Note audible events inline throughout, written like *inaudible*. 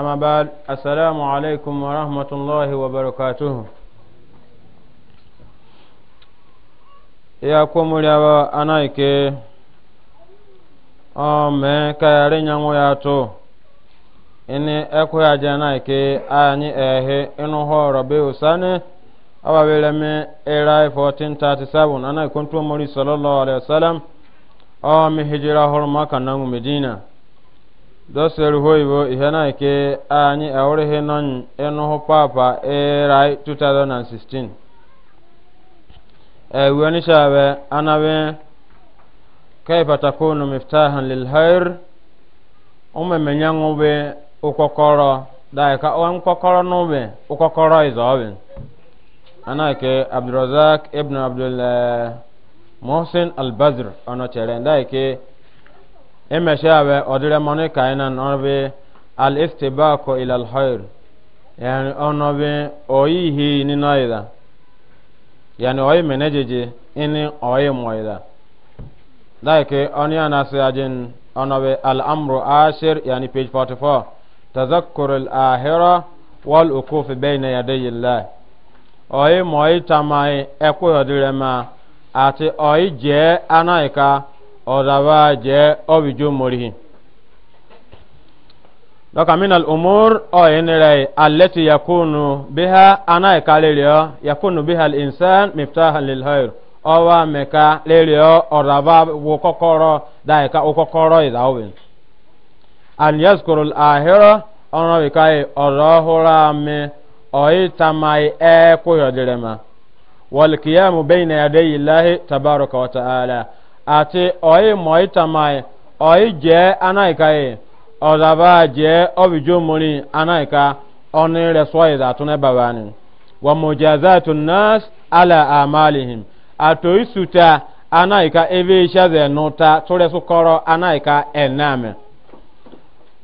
أما بعد السلام عليكم ورحمة الله وبركاته ya komuliaba anaike ome kayari nyangu ya to ini ekwehaje anaike anyi ehe inu horo be usane ababeleme erai 1437 anaike ntu omori sallallahu alaihi wasallam ome hijira horo maka nangu medina dosel hoibo ihena ke anyi awrihi non enuhu papa erai 2016 eweni shabe anabe kaifa takunu miftahan lilhair umemenya ngube ukokoro daika on kokoro nube ukokoro izobin anake abdurazak ibn abdul eh, muhsin al-bazr ono daike emeshawe odire moni kaina nobe al istibaqu ila al khair yani onobe oyihi ni noida yani oyi menejeje ini oyi moida like oni anase ajin onobe al amru ashir yani page 44 tazakkur al ahira wal ukuf bayna yaday allah oyi moyi tamai ekoyodire ma ati oyi je anaika ọ̀dàbà jẹ́ ọ̀bìjú mọ̀rìhìn lọ́kàmínà umur ọ̀yẹ́nìrẹ̀ alẹ́tì yakunu bíhá aná ẹ̀ka lérè ọ́ yakunu bíhá ìnsán mìftáhà lilhayr ọwọ́ mẹ́ka lérè ọ́ ọ̀dàbà wo kọ́kọ́rọ́ dáìka ó kọ́kọ́rọ́ ìdáwìn aliyasukuru ahẹ́rọ́ ọ̀rọ̀ wíkà yìí ọ̀rọ̀ ọ̀húnra mi ọ̀yẹ́ tamáyé ẹ̀ kóyọ̀dẹ̀rẹ̀ ma wọ́lùkìyàmù bẹ́yìn náà yàdẹ́yìí láhì tabaraka wa ta'ala. ati oyi moitamai oyi je anaika ye ọzaba je obijomori anaika ọni resoi da tun babani wa mujazatu nas ala amalihim ato isuta anaika ebe ishaze nuta tore su koro anaika ename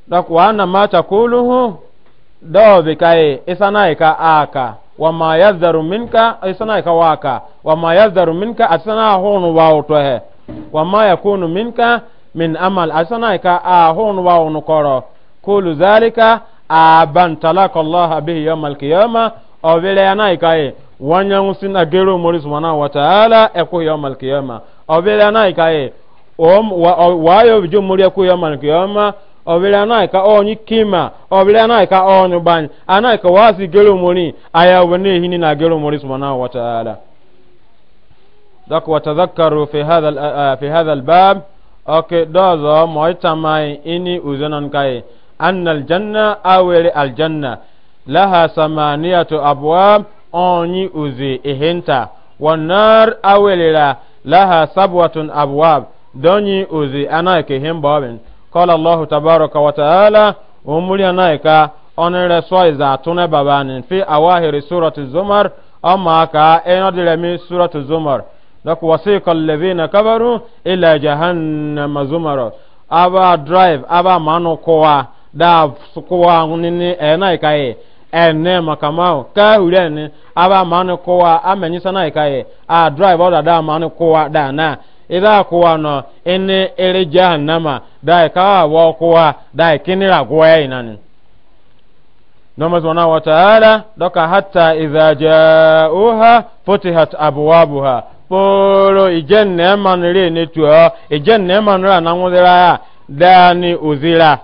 dakwa ana mata kuluhu dɔɔbi ka ye isanai ka aka wa ma yazaru minka isanai ka waka wa ma yazaru minka atisana hunu wa utɔhe wama kunu minka min amal asana ka ahun wa unukoro kulu zalika aban talaka allah bihi yawm alqiyama o bele ana ka e wanya ngusin agero mori subhanahu wa ta'ala e ko yawm alqiyama o bele ana ka e om wa yo bijo mori ko yawm ya o bele ana ka onyi kima o bele ana ka onyu ban ana ka wasi gero mori aya wani hini gero mori subhanahu wa ta'ala dɔk watadhakaru fi hadha uh, fi hadha albab ok dɔzɔ mɔi tamai ini uzonon kai anna aljanna awere aljanna laha samaniyatu abwab onyi uzi ihinta wannar awelera laha sabwatun abwab donyi uzi anaike himbobin qala allah tabaraka wa taala umuri anaika onere soiza tune babanin fi awahiri surati zumar amma ka enodire surati zumar dɔk wasiqa alladhina kafaru ila jahannama zumara aba drive aba manu kowa da kowa nini ɛna e ikaye ɛnɛ e makamau ka urɛni aba manu kowa amenyisa na ikaye a drive ɔda da manu kowa da na ida kowa no ini iri jahannama da ikawa wɔ kowa da ikinira goya inani نوم سبحانه وتعالى دك حتى إذا جاءوها فتحت أبوابها poro ijen na emanure ne tuo ijen na emanure na ngudira ya dani uzira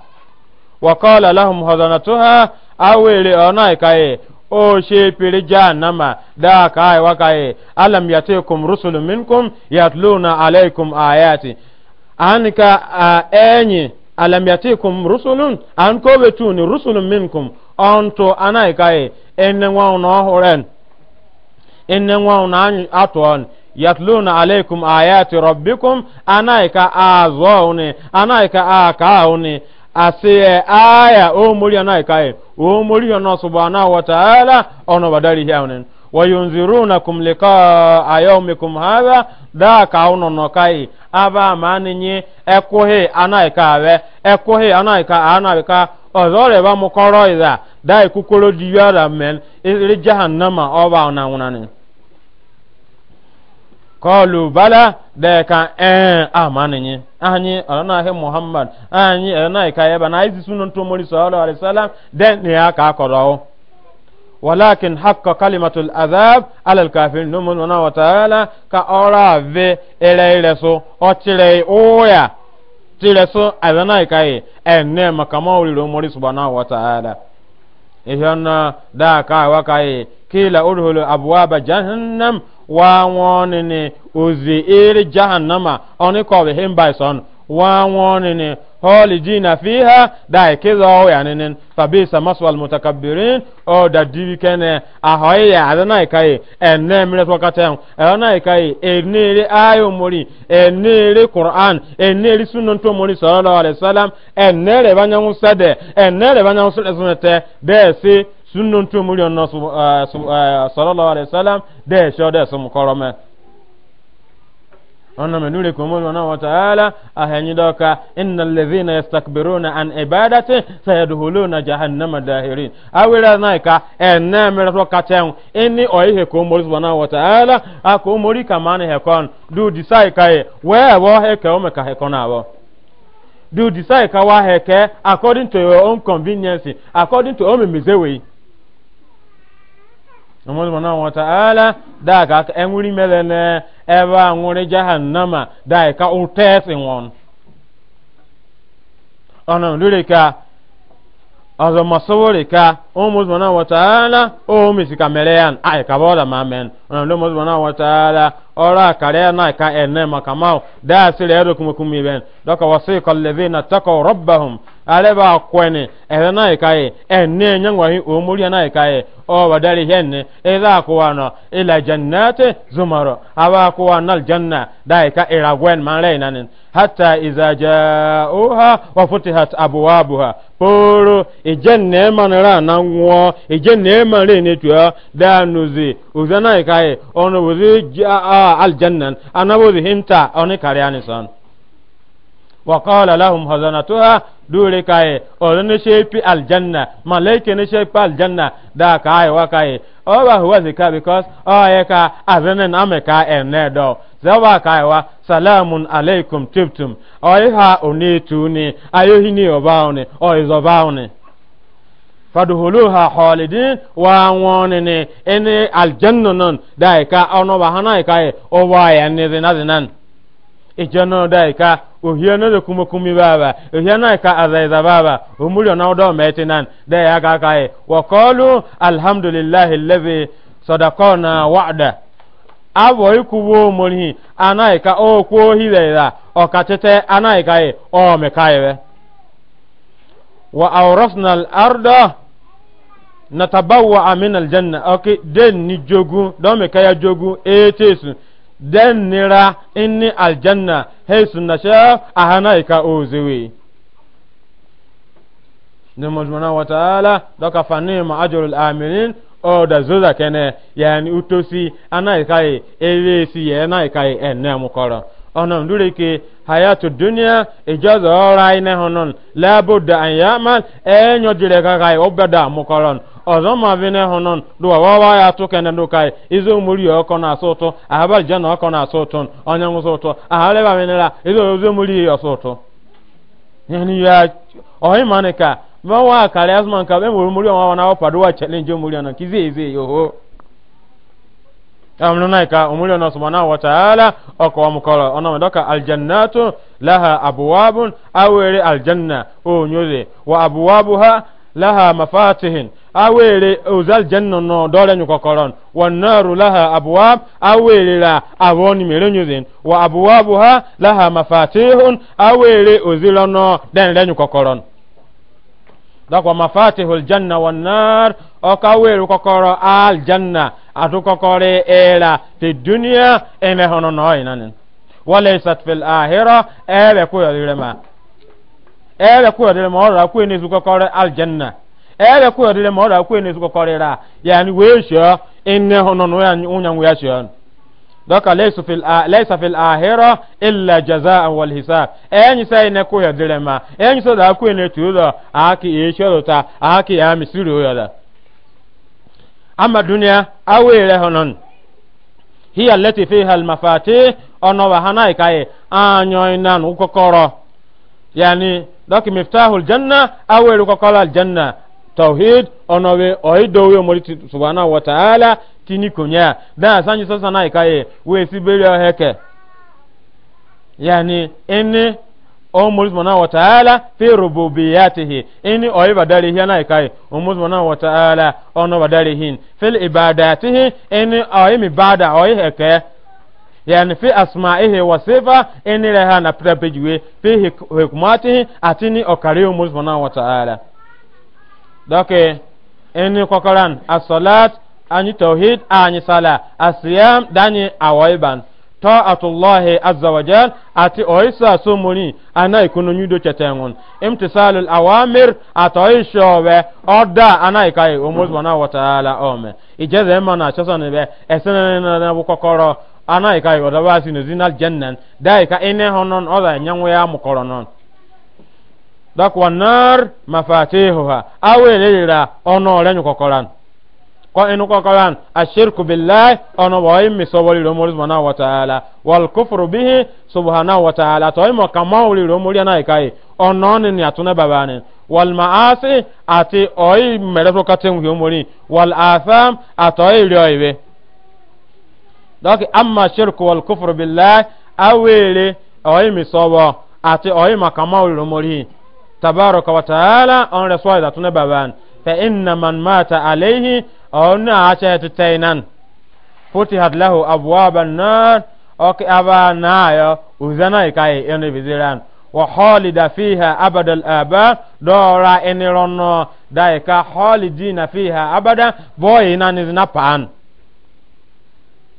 wa qala lahum hadanatuha awele onai kai e, o she pere jahannama da kai wa kai e, alam yatikum rusulun minkum yatluna alaikum ayati anka enyi alam yatikum rusulun an ko betuni rusulun minkum onto anai kai e, enne wa no horen enne wa na atwon yatluna alaikum ayati rabbikum anaika azawne anaika akaune asiye aya o muri anaika e o muri ona subhanahu wa ta'ala ono badali haune wayunzirunakum liqaa yawmikum hadha da ka aba maninye ekohe anaika awe ekohe anaika anaika ozore ba mukoro ida dai kukoro diyara men iri jahannama oba ona kọlu bala da ka ɛn eh, amani ah, nye anyi ɔlɔna ahe muhammad anyi ɔlɔna ika yaba na ayi sisu nonto mori sɔɔlɔ alisalam den ne ya ka kɔrɔ o walakin hakka kalimatul azab alal kafin numu nuna wa ta'ala ka ɔra ve ere ere so ɔtire oya tire so ɔlɔna ika yi ɛnɛ makama oliro mori subana wa ta'ala ihiyɔn da ka wa kila udhulu abuwa jahannam wa wonini ozi iri jahannama oni ko be him by son wa wonini holidina fiha da kizo o yaninin fabisa maswal mutakabbirin o da dibi kene ahoyi ya adana ikai enne mire to katem adana ikai enere ayo mori enere qur'an enere sunan to mori sallallahu alaihi wasallam enere banyangu sade enere banyangu sunete de si sunnon to muri onno eh, eh, sallallahu alaihi wasallam de sho de sum korome ona me nure ko mo ona wa taala ahanyi doka innal ladhina yastakbiruna an ibadati sayadkhuluna jahannama dahirin awira naika enne mere to katen ini oihe ko mo ona wa taala ako mori kamane he kon du disai kai we wo he ke o me ka he kon awo do decide ka wa heke according to your own convenience according to own memezewe nomol na wata ala da ka enwuri melene ebe nwuri jahannama da ka utesi won ona ndure ka azo masowore ka omo na wata ala o mi sika melean ai ka boda mamen ona ndo na wata ala ta'ala ora kare na ka enne makamau da sire edo kuma kuma ben doka wasiqa allazina taqaw rabbahum areba kwene ere na ikaye enne nyangwahi omuri na ikaye o wadari henne ila kuwano ila jannati zumaro aba kuwana aljanna daika ira gwen manle nanin hatta iza ja'uha wa futihat abwabuha poro ijenne manara na nwo ijenne manre ne tuya da nuzi uzana ikaye ono wuzi aljannan anabuzi hinta oni kariani san وقال لهم خزنتها دوري كاي اولن شيبي الجنة ملائكة نشيبي الجنة دا كاي وكاي او هو ذكا بيكوز او يكا اذنن امكا انيدو زوا كاي وا سلام عليكم تبتم او يها اونيتوني ايوهيني وباوني او يزوباوني fadhuluha khalidin wa wonene ene aljannanon da ka ono bahana ka o wa ya ijana da ka ohia na da kuma kumi baba ohia na ika azaiza baba umuri na odo metinan da ya ga kai wa qalu alhamdulillahi allazi sadaqana wa'da abo ikuwo mori ana ika o kwo hilela katete ana ka o me kaiwe wa awrasna al-arda natabawa min al-janna okay den ni jogu do me kaya jogu etesu den nira inni aljanna hey sunna sha ahana ka ozewe ne mojmana wa ta'ala doka fani ma ajrul amilin o da zoza kene yani utosi ana kai elesi ye na kai enne mukoro ona ndure ke hayatu dunya ijaza ora ine honon labu da anyaman enyo dire kai obada mukoron ọzọ ma bi ne ho non do wa wa ya to kene do kai izo muri yo ko na so to ahaba je na ko na so to onya ngu so to ba menela izo izo muri yo so to yani ya ohi manika ma wa kale azman ka be muri muri wa na opa do wa challenge muri na kizi izi yo ho amna naika umuri ona subhanahu wa ta'ala oko wa mukala ona medoka aljannatu laha abwabun awere aljanna o nyore wa abwabuha laha mafatihin awere ozal janna no dole nyu kokoron wan naru laha abwab awere la awoni merenyu zin wa abwabuha laha mafatihun awere ozilono den renyu kokoron dakwa mafatihul janna wan nar okawere kokoro al janna atu kokore era te dunya eme hono no inanin walaysat fil ahira ebe kuyo direma ebe kuyo direma ora kuyo nizu kokore al janna ebe kwa odile ma ọ da kwa n'ezuko kọrịra ya ni wee shọ inne hono no ya unya nwe ya shọ doka laysa fil laysa fil ahira illa jazaa wal hisab enyi sai ne ko odile ma enyi so da kwa ne tulo aki e shọ ta aki ya misiru ya da amma dunya awere honon hiya allati fiha al mafatih ono wa hanai e kai anyo inan ukokoro yani doki miftahul janna awere ukokoro al janna tawhid onowe oidowe omori subhanahu wataala tini kunya da sanyi sasa na ikaye we sibiri heke yani inni omori subhanahu wa ta'ala fi rububiyatihi inni oyi hi na ikaye omori subhanahu wa ta'ala ono badari hin fil ibadatihi inni oyi mi bada oyi heke yani fi asma'ihi wa sifa eni leha na prepejiwe fi hikmatihi atini okari omori subhanahu wa ta'ala dɔke ɛni kɔkɔran asɔlat ani tawhid ani sala asiyam dani awɔiban tɔ atullahi azawajal ati ɔyisa somoni ana ikunu nyudo cɛtɛngun imtisalul awamir atɔyi shɔɔbɛ ɔda ana ikayi omozubana wataala ɔmɛ ijɛzɛ mana sɔsɔni bɛ ɛsɛnɛnɛnɛbu kɔkɔrɔ ana ikayi ɔdɔbaasi ne zinal jɛnnen da ika ine hɔnɔn ɔda nyɛnwɛya mukɔrɔnɔn dɔk wannar mafatihuha awe lelira ɔnɔ lɛnyu kɔkɔlan kɔ inu kɔkɔlan ashirku billahi ɔnɔ bɔ yi misɔbɔli romori subhana wa ta'ala wal kufru bihi subhana wa ta'ala tɔ imɔ kamawuli romori ana ikai ɔnɔ ni ni atuna babani wal ma'asi ati ɔyi mɛrɛfo katen romori wal atham atɔyi riɔiwe dɔk amma shirku wal kufru billahi awele ɔyi misɔbɔ ati ɔyi makamawuli romori tabaraka wa ta'ala on rasuwa da tuna baban fa inna man mata alaihi ona acha tutainan futihat lahu abwaban nar ok aba nayo uzana kai ene biziran wa khalida fiha abada al-aba dora enirono daika khalidina fiha abada boy nan izna pan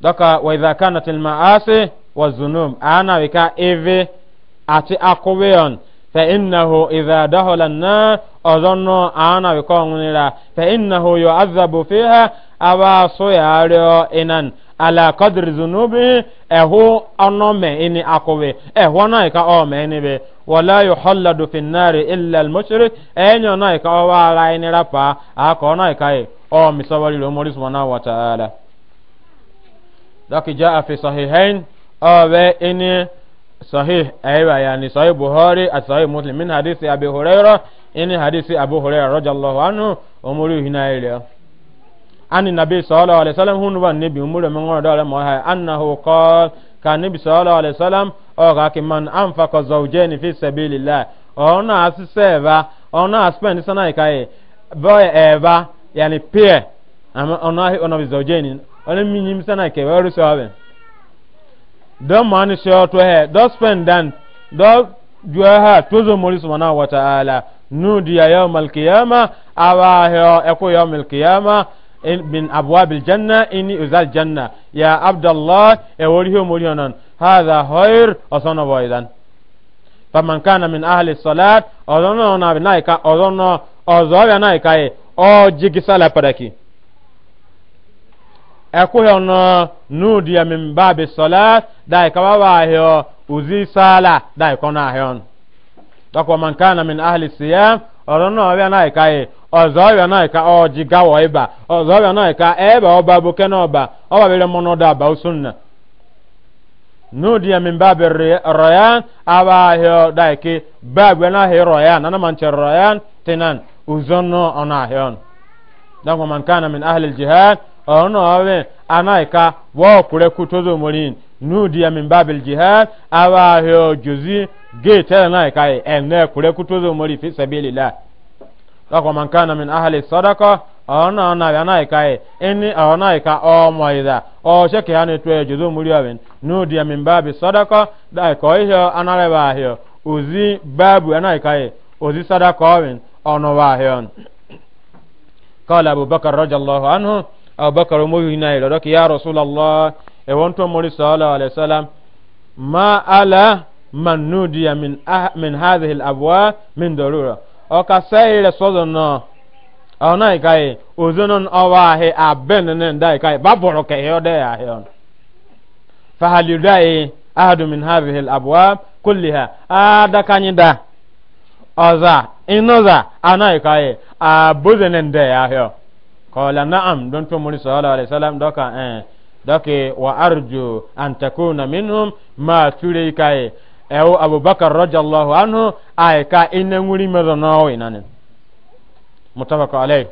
daka wa idha kanat al-ma'asi wa zunum ana wika eve ati akoweon فإنه إذا دخل النار أظن أنا بكون لا فإنه يعذب فيها أبا سياريو إنان على قدر ذنوبه أهو أنم إني أقوي أهو نايك أو مني بي ولا يحلد في النار إلا المشرك أين نايك أو على إني رفا أكو نايك أو مسوالي الأمور سبحانه وتعالى لكن جاء في صحيحين أو إني صحيح أيوة يعني صحيح بخاري صحيح مسلم من حديث أبي هريرة إن حديث أبو هريرة رضي الله عنه أمره هنا إليه أن النبي صلى الله عليه وسلم هو النبي أمور من غير دولة ما أنه قال كان النبي صلى الله عليه وسلم أو من أنفق زوجين في سبيل الله أو ناس سيفا أو ناس بني سنة كاي boy eva yani pair ama onahi onabi zojeni ona minyim sana ke waru sawen don mani sayo to he do spend dan do juwa ha tozo mori subhanahu wa ta'ala nudiya yawmal qiyama awa he eko yawmal bin min abwabil janna inni uzal janna ya abdallah e wori ho mori onon hadha khair asana boydan faman kana min ahli salat odono na binaika odono ozo ya naika e o jigi sala padaki ɛkoyɔ no nuudiya min baabi sɔlɛt dai kaba waahiyɔ uzi saala dai kɔnɔ ahiyɔn dɔkɔ man kana min ahli siyam ɔrɔ no ɔbɛ na ika ye ɔzɔ ɔbɛ na ika ɔɔji gawɔ iba ɔzɔ ɔbɛ na ika ɛɛbɛ ɔba boke na ɔba ɔba bɛ mɔnɔ da ba usunna nuudiya min baabi rɔyan abaahiyɔ dai ki baabi na ahịa ahi rɔyan nana man cɛ rɔyan tinan uzo n'ọnụ ahịa no Dọkwa ahiyɔn dɔkɔ man kana min ahli jihad ono awe anaika wa kure kutozo morin nudi ya mimbabil jihad awa hyo juzi gete naika e, ene kure kutozo mori fi sabilillah lako man kana min ahli sadaqa ona ona ya naika e, eni ona ika o moida o sheke hanu to juzo mori awen nudi ya mimbabil sadaqa dai ko hyo analewa hyo uzi babu anaika ozi e, sadaqa awen ono wa hyo قال أبو Raja رضي الله abubakar omoyi na ilo doki ya rasulallah ewon to mori sallallahu alaihi wasallam ma ala man nudiya min ah, min hadhihi al abwa min darura o ka sai le sozo no ona ikai ozonon owa he abenne ndai kai baboro ke yo de ya he on fa hal yudai ahadu min hadhihi al kulliha ada kanyida oza inoza ana ikai abuzenen de ya on qala na'am don to muri sallallahu alaihi wasallam doka eh doke wa arju an takuna minhum ma ture kai eh, ewo oh, abubakar radiyallahu anhu ay ka inna nguri medono inanin muttafaq alayh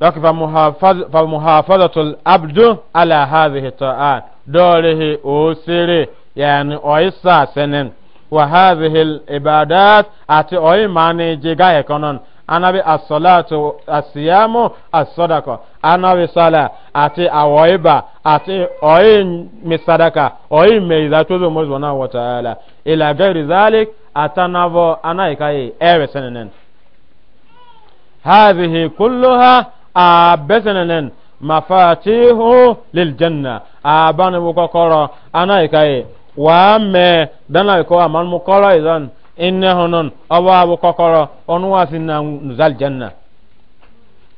doke fa muhafaz fa muhafazatul abdu ala hadhihi ta'at dolehi o sere yani oysa senen wa hadhihi al ibadat ati oy mani jiga ekonon anabi asolatu asiyamu asodako anabi sala ati awoiba ati oyi misadaka oyi meiza tozo mo zona wa taala ila gairi zalik atanavo anaikai ewe senenen hadhihi kulluha abesenenen mafatihu liljanna abani bukokoro anaikai wa me dana ko aman mukoro idan innahu nun awabu kokoro onu wasin na zal janna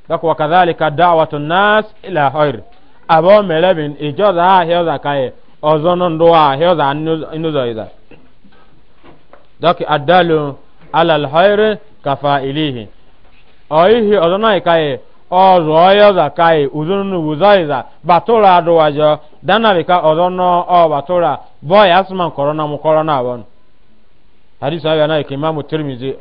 dako wa kadhalika da'watu nas ila khair abo melebin ijoza ha hioza kai ozono ndo ha hioza inuzo ida dako adalu ala al khair kafailihi oihi ozona kai ọzọ ọyọza kai uzunu wuzoiza batura aduwajo dana bika ozono ọ batura boy asman korona mu korona hadis ayo na ke imamu tirmizi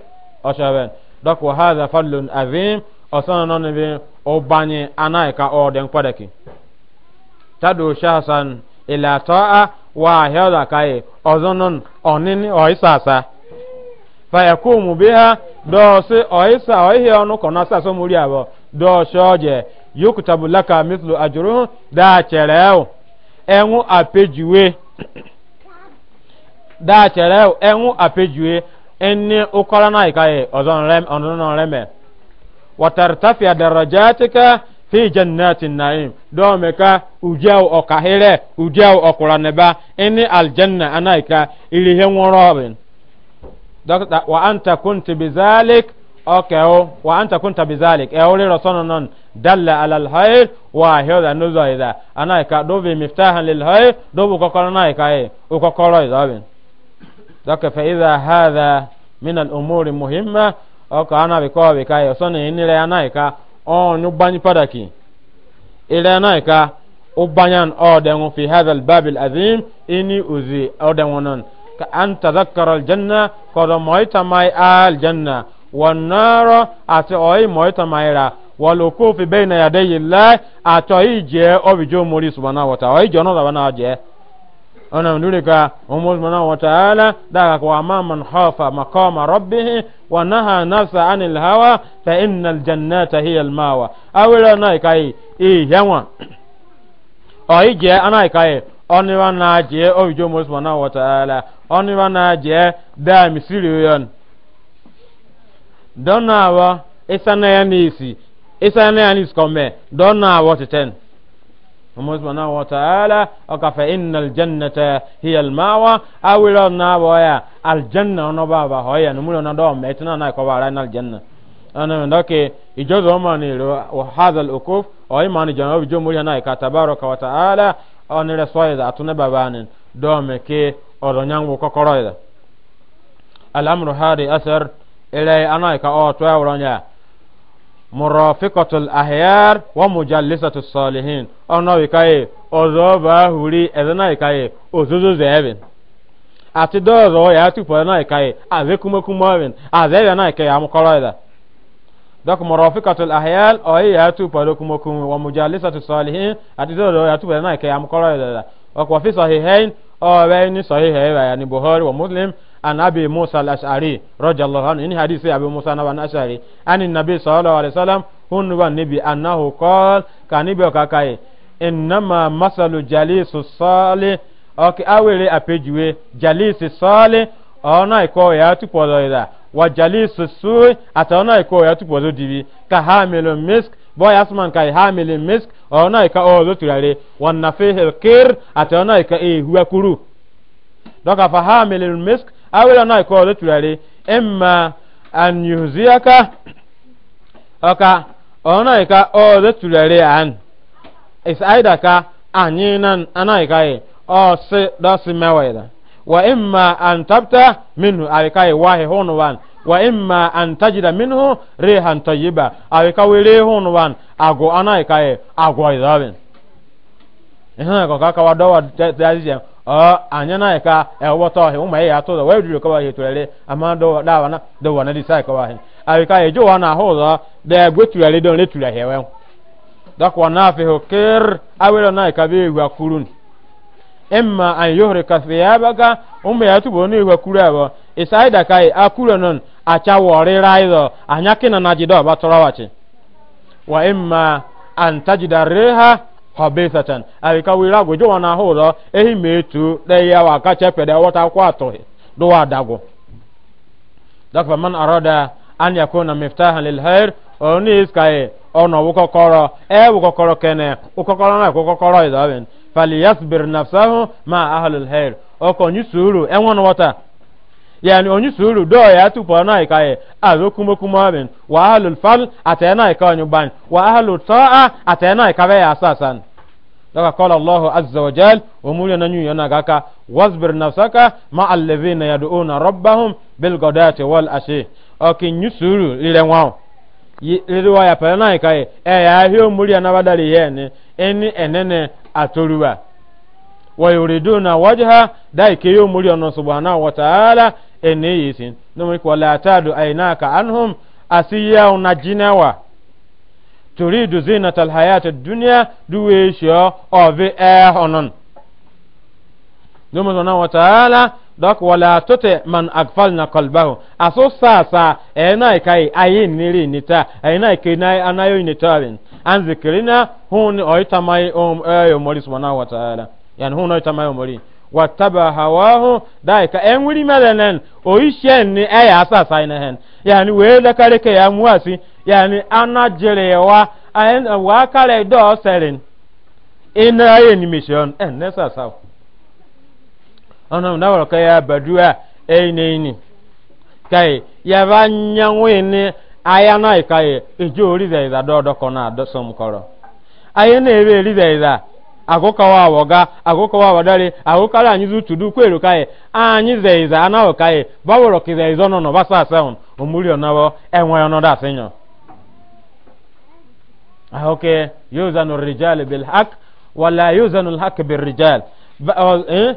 oshaben dok wa hadha fadlun azim osana non be obanye anaika oden kwadaki tadu shahsan ila ta'a wa ọzọ kai ozonon onini oisasa fa yakumu biha do se oisa oihe onu *clears throat* daa kyerɛ ɛŋu apɛdue ɛne ukɔla na ika yɛ ɔzɔn rɛm ɔnɔnɔ rɛmɛ wɔtɛrɛtɛfia dɛrɛjɛtika fi jannatin naim dɔw mɛ ka ujaw ɔkahirɛ ujaw ɔkuranɛba ɛne aljanna ana ika ilihe ŋɔrɔbin dɔkita wa an ta kun ti bizalik ɔkɛwo wa an ta kun ta bizalik ɛwuli e, rɔsɔnɔ nɔn dalla alal hayr wa hiyɔda nuzɔ ida ana ika dɔw miftahan lil hayr dɔw bi kɔkɔrɔ na ika dɔkɛ fɛ idha hadha min al umuri muhimma ɔkɔ ana bi kɔɔ bi ka yɛ sɔni ni lɛ ana yi ka ɔn nyu banyi padaki ilɛ ana yi ka o banyan ɔdɛŋu fi hadha al babil azim ini uzi ɔdɛŋu nan ka an tazakara al janna kɔdɔ mɔyi tamai al janna wọnọrọ àti ọyí mọ̀ọ́tàmáìrà wọ́n lò kó fi bẹ́ẹ̀ náà yàdẹ́yìí láì àtọ̀yí jẹ́ ọ̀bìjọ́ mórí ṣùgbọ́n náà ona ndurika umuz mana wa ta'ala daga kwa man khafa maqama rabbih wa naha nafsa anil hawa fa innal jannata hiya al mawa awira na kai i yanwa o ije ana kai oni wa na je o jo umuz mana wa ta'ala oni wa na je da misiri yon donawa isana yanisi isana yanis kome donawa teten Muhammad subhanahu wa ta'ala aka fa innal jannata hiya al mawa awira na boya al janna no baba hoya no mulo na do metina na ko bara na al janna ana ndoke ijozo ma ni ro wa hadha al ukuf o imani jana bi jo muri na ka tabaraka wa ta'ala on re so ida atuna babanin do me ke oro nyangu kokoro ida al amru hadi asar ilay ana ka o murafikatul ahyar wa mujallisatus salihin ona wikaye ozo ba huri ezana ikaye ozozo zeben ati dozo ya tupo na ikaye aze kuma kuma ben aze ya na ikaye amukoro ida dok murafikatul ahyar o ya tupo do kuma kuma wa mujallisatus salihin ati dozo ya tupo na ikaye amukoro ida wa fi sahihain o wa ni sahihain ya ni buhari wa muslim an abi musa al-ash'ari radiyallahu anhu in hadisi abi musa na wan ash'ari an nabi sallallahu alaihi wasallam hun wa nabi annahu qala ka nabi ka kai innama masalu jalisu salih ok awere apejuwe jalisu salih ona iko ya tupozo ida wa jalisu su ata ona iko ya tupozo dibi ka hamilu misk boy asman kai hamilu misk ona ika o lo turare wa nafihil kir ata ona ika e huwa doka fa hamilu misk awela na ko do turare emma an yuhziyaka oka ona ka o do turare an is aida ka anyinan anaika e o se do si meweda wa ịma an minu minhu alikai e wahi honu wan wa imma an tajida minhu rihan tayyiba awika wele honu wan ago anaika e ago izabin ehna anya anyana ka ewota ohi ụmụ ya atụ wee jiri kọwa ihe tụrere ama dawana dowa na disa kọwa ihe abika eji ụwa na ahụ ụzọ da egwe tụrere don retụrụ ahịa ewe dakwa na afihụ kir awere na ka bi ihu akurun imma an yuhri kasbi ya baga ụmụ ya tubo ni ihu akuru abo isai da kai akuru non acha wori raizo anyakina na jido ba torawachi wa imma an tajida reha habesatan abika wira gojo wana horo ehi metu de ya wa kache pede wata kwato do wadago dakwa man arada an yakuna miftahan lil khair oni iskaye ono wuko koro e wuko koro kene wuko koro na wuko koro idaben fali yasbir nafsahu ma ahlul khair oko nyusuru enwon wata yani onye suru do ya tupu na ika ye azo kuma kuma ben wa ahlul fal na ika onye ban wa ahlul ta'a na ika be ya asasan daga qala allah azza wa jal wa mulya nanyu yana gaka wasbir nafsaka ma allazina yad'una rabbahum bil ghadati wal ashi okin ire lile wao lile wa ya pelana ika ye e ya hi mulya na badali yene eni enene atoruwa wa yuriduna wajha dai ke yo mulya no subhanahu wa ta'ala ene yisin nomi ko la tadu aynaka anhum asiyaw na jinawa turidu zinata alhayati dunya duwe sho ovi ehonon nomi sona wa ta'ala dok wala tote man agfalna qalbahu aso sasa ena kai ayin niri nita ena kai na anayo nitawin an zikirina hun oitamai um ayo eh, mori subhanahu wa ta'ala yani hun oitamai mori wataba hawahu daika en wuri melenen o ishen ni aya asa sainehen yani we da kare ke ya muasi yani anajerewa ayen wa kare do selin ina aye ni mission en nesa sa ona na wa ka ya badua eyine ni kai ya ba nyanwe ni aya na kai ejo ori da da do do kona do som koro aye na ebe ri da agokawa woga agokawa wadare agokala anyizu tudu kwero kae anyize iza anawo kae baworo kiza izo no basa seon omuri onawo enwe ono da senyo ahoke yuzanu rijal bil haq wala yuzanu al haq rijal eh?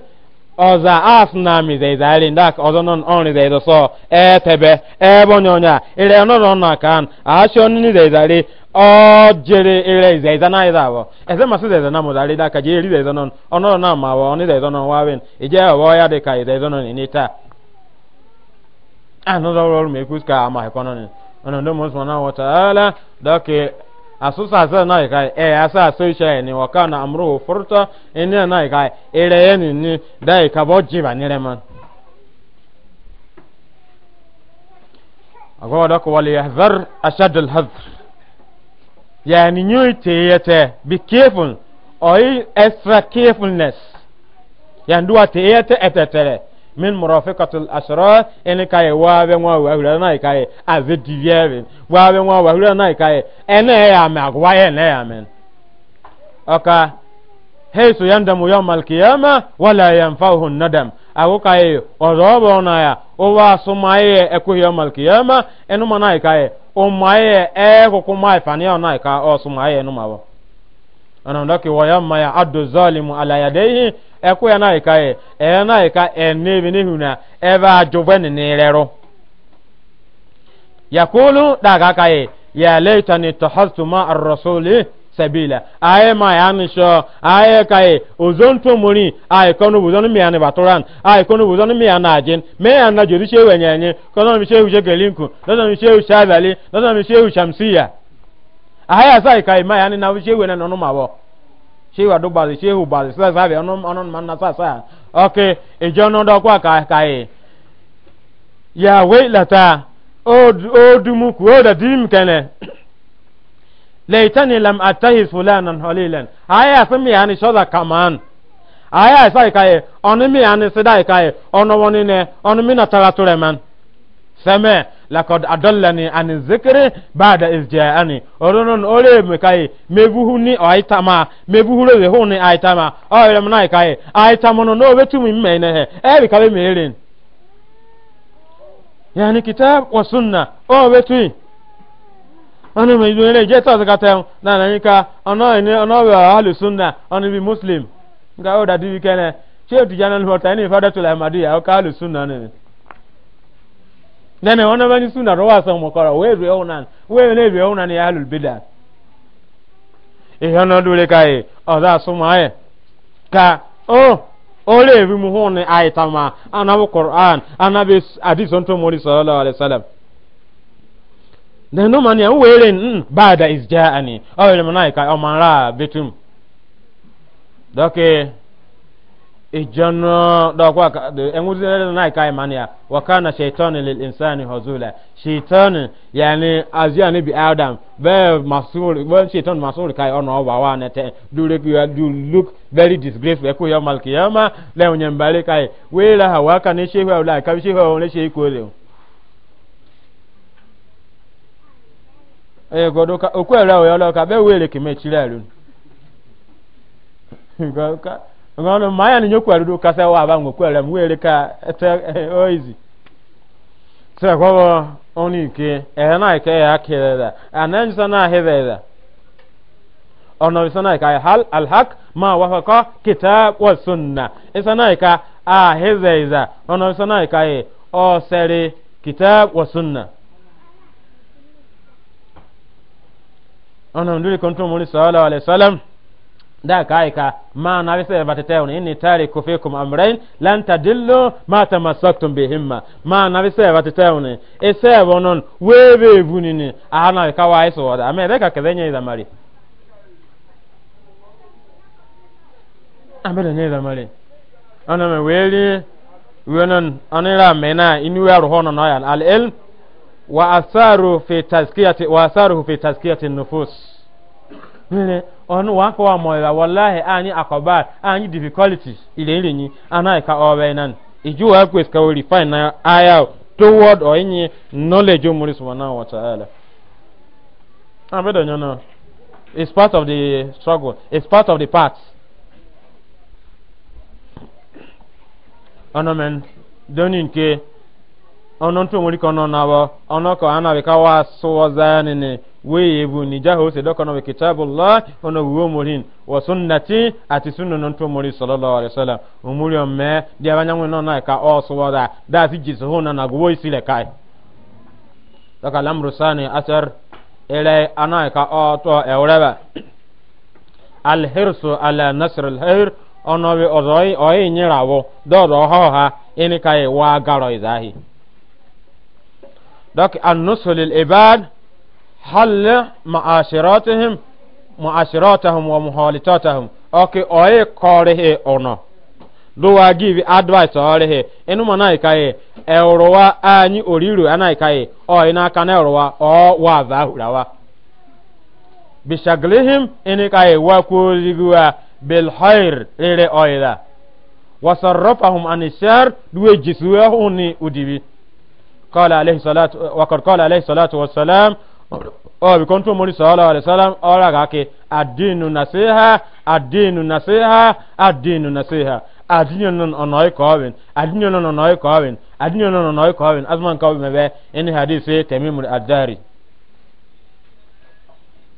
ọza as na mi zai zari ndak ọzọ nọ onri zai etebe ebe onye onye ọnọdụ ọnọrọ na kan onini zai zari ọ jere ire zai zana ida abọ eze masu zai zana zari daka jere zai zanon ọnọrọ na ma zai ọwọ ya dị ka zai asusa asa na ikai e asa asoisha ni waka na amru furta ene na ikai ere yeni ni dai kabo jiba ni reman agwa da ko wali yahzar ashad al hadr yani nyoite yete be careful or extra carefulness yanduwa te yete etetere min murafiqatul asrar ene kai wawe wa wahura na kai ave diviere wawe ngwa wahura na kai ene ya me agwa ene ya men aka heisu yandamu yawmal qiyama wala yanfa'uhu nadam awoka ye ɔzɔbɔ na ya ɔba soma ye ɛkuhi ɔmalki yɛma ɛnuma na yi o ye ɔma ye ɛɛ koko ma ye fani ɔna yi ka anamdaki wayamma ya addu zalimu ala yadayhi eku ya naika ye e, e naika enebi ni huna ebe ajubeni ni rero yakulu daga kaye ya laitani tahastu ma ar-rasuli sabila aye ma ya nisho aye kaye ozon to mori aye konu buzon mi ani batoran aye konu buzon mi ana ajin me ya na jodi shewenyenye kono mi shewu shegelinku dozo mi shewu shabali dozo mi shewu shamsiya ahaya sai kai ma yani na shewe na no ma bo shewa do ba shehu ba sai sai ono ono man na sai sai okay e jono do kwa kai kai ya wailata o o dumu ku o da dim kene laitani lam atahi fulanan halilan aya sun mi yani shoda kaman aya sai kai onu mi yani sidai kai ono woni ne onu mi na tara tureman seme lakod adallani an zikri ba'da izja'ani oronon ore me kai mebuhuni aitama mebuhure le huni aitama oyre mnai kai aitama no no betumi mmene he eri kabe merin yani kitab wa sunna o wetu ana mai dole je na na nika ana ni ana wa ahli sunna bi muslim ga o da di kene o ka ahli sunna ne nene ona bani suna rowa san mokora we re ona we ne re ona ne ahlul bid'a e hono dure kai o da suma e ka o o le bi mu hon ai tama ana bu qur'an ana bi hadith on to mori sallallahu alaihi wasallam nenu man ya we re n mm, bada is o le manai kai o man ra bitum doke ijono da na wa kana lil insani hazula yani azia ne bi adam be masul be shaytan masul kai ono wa wa ne te look very disgraceful ko ya mal kiyama onye ka ne shehu ala ka shehu shehu ko le e godo ka *laughs* ngano maya ni nyokwari do kasa wa ba ngokwara mwere ka eh, oizi se kwa oni ke e na ike ya kireda anan sana hebeda ono sana ka hal al ma wafaqa kitab wa sunna sana ka a hebeza ono sana ka e o sere kitab wa sunna ono nduri kontro muri sallallahu alaihi wasallam da ka aika ma na bisa ba ta tayo inni tariku fikum amrayn lan tadillu ma tamassaktum bihimma ma na bisa ba ta tayo ne ese wonon webe bunini ana ka wa iso wada ame be ka kedenye da mari ame ne da mari ana me weli wonon anira mena inu ya rohono na ya al ilm wa asaru fi tazkiyati wa asaru fi tazkiyati nufus onu wanko wa moyla wallahi ani akobar ani difficulties ile ni ana ka obe nan iju wa ku ska we refine na aya toward o yin knowledge o muri subhanahu wa ta'ala abedo ah, nyana it's part of the struggle it's part of the path ono men donin ke ọnọ ntụ nwere kọnọ nabọ ka ana bika wa sụọ zani ne wee ebu ni dọkọ bụla ọnọ wuo morin wasu ati sunu nụ ntụ mori sọlọlọ ọrịsọlọ omuri ọmọ dị abanya nwe nọ na ka ọ da da fi jisu na nagwuo isi le kai lamru sani asar ele ana ka ọ ala nasr ọzọ dọdọ ha izahi دوك النصح للعباد حل معاشراتهم معاشراتهم ومخالطاتهم اوكي اوي كوره اونو do wa give advice ọrịa ịnụ ma na-eka ya ọrụwa anyị oriru anaghịka ya ọyị n'aka na ọrụwa ọwa aza ahụrawa bishaglihim ịnịka ya wakwuo ozigwa bilhoir rere ọyịda wasarrọfahum anishar duwe jisuwe hụ udibi قال عليه الصلاة وقد قال عليه الصلاة والسلام أو بكون تومري صلى الله عليه وسلم أولا غاكي الدين نصيحة الدين نصيحة الدين نصيحة adinyo non onoy kawin adinyo non onoy kawin adinyo non onoy kawin azman kawin mebe ini hadisi tamimul adari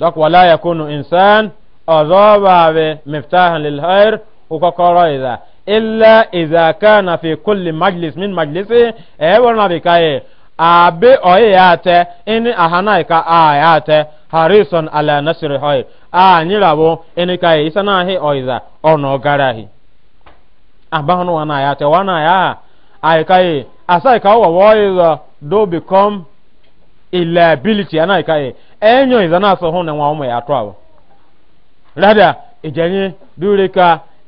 dok wala yakunu insan azabawe miftahan lil khair ukakoroida illa ịzaka na fi kulli majlis min majlisi e wona bi kai abe oye ya te ini ka a ya te harison ala nasri hoy a nyirawo ini kai isana hi oiza ono garahi abahono wana ya te wana ya ai kai asai ka wo woiza do become liability ana kai enyo na so nwa umu ya to awo rada ijenye durika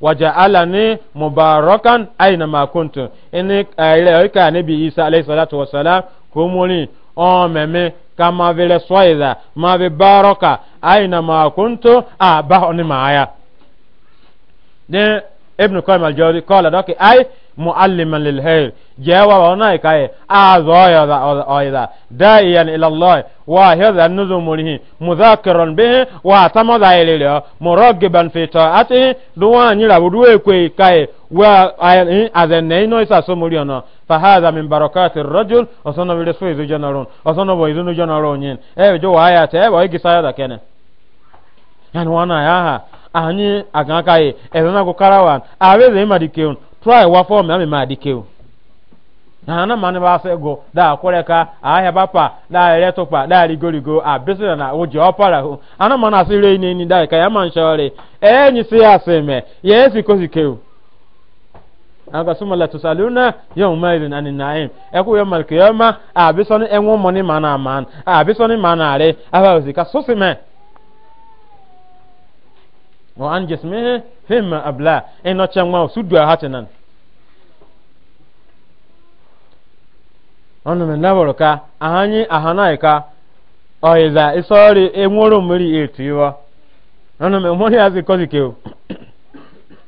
وجعلني مباركا أينما كنت إنك إليك نبي عيسى عليه الصلاة والسلام كمولي أمامي كما في الصويدة ما في باركة أينما كنت أبا معايا ibn qayyim al-jawzi qala doki ay mualliman lil hayr jawa wa na kai azoya da oida da'iyan ila allah wa hadha an-nuzumurihi mudhakiran bihi wa tamada ilayhi muragiban fi ta'atihi duwani la budu ekwe kai wa eh, azen no isa so muri ona fa hadha min barakati ar-rajul osono bi resu izu janarun osono bo izu janarun yin e jo wa te bo igisa da kene yani wana ya ha anyị aga aka yi ebe ma gụkara wa abe ebe ma dikeu try wa fọm na na mani ba se go da kwere ka ahia bapa da ere tupa da rigorigo a bisira na uji opara hu ana mana si re ni ni da ka ya man shore e ni si aseme ye si ko si keu aga suma la tusaluna yawma idin anin na'im e ku yawmal qiyama a bisoni enwo moni mana man a bisoni mana re aba ozika susime so wa an jismihi fimma abla ino changma sudu hatinan onu men ahanyi ahanai ka oiza isori enworo mmiri etiwa onu men mmiri azi *coughs*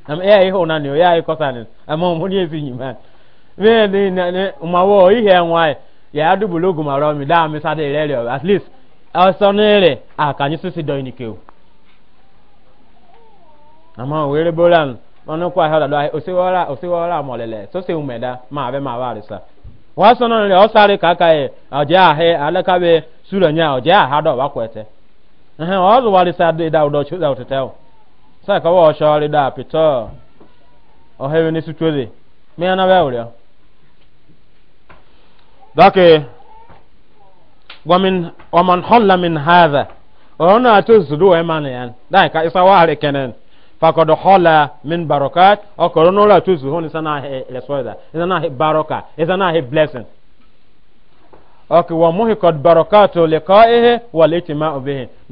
am ya ihe ona ya am mmiri ezi nyima we ni na ne umawo ya adubulogu maro mi da mi at least ama were bolan manu kwa hada dai osiwara osiwara molele so se umeda ma be ma warisa wa sono le osare kaka e oje ahe alaka be suranya oje aha do wakwete eh o lo warisa de da do chu da utetel sa ka wo shori da pito o hewe ni sutwede me ana be ulio dake wamin waman halla min hadha ona to zudu e man yan dai ka isa wa kenen fakɔdɔ xɔla min barokat ɔkɔdɔ n'ola tu zuhun isa naa he lesɔɔda isa baroka isa naa blessing ɔkè wɔn le ma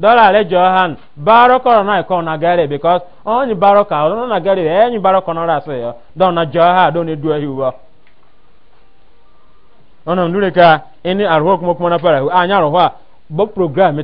dɔla ale jɔ han kɔ na because ɔn baroka na se yɔ jɔ ha dɔn ne wɔ ka ɛni arúgbó kumokuma para a bɔ program mi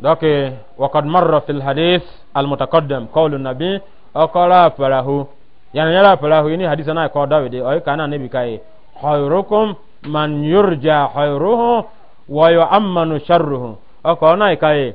دوك وقد مر في الحديث المتقدم قول النبي أقرا فله يعني يلا فله إني حديث أنا أقول داود أي كان النبي كاي خيركم من يرجى خيره ويؤمن شره أقول أنا كاي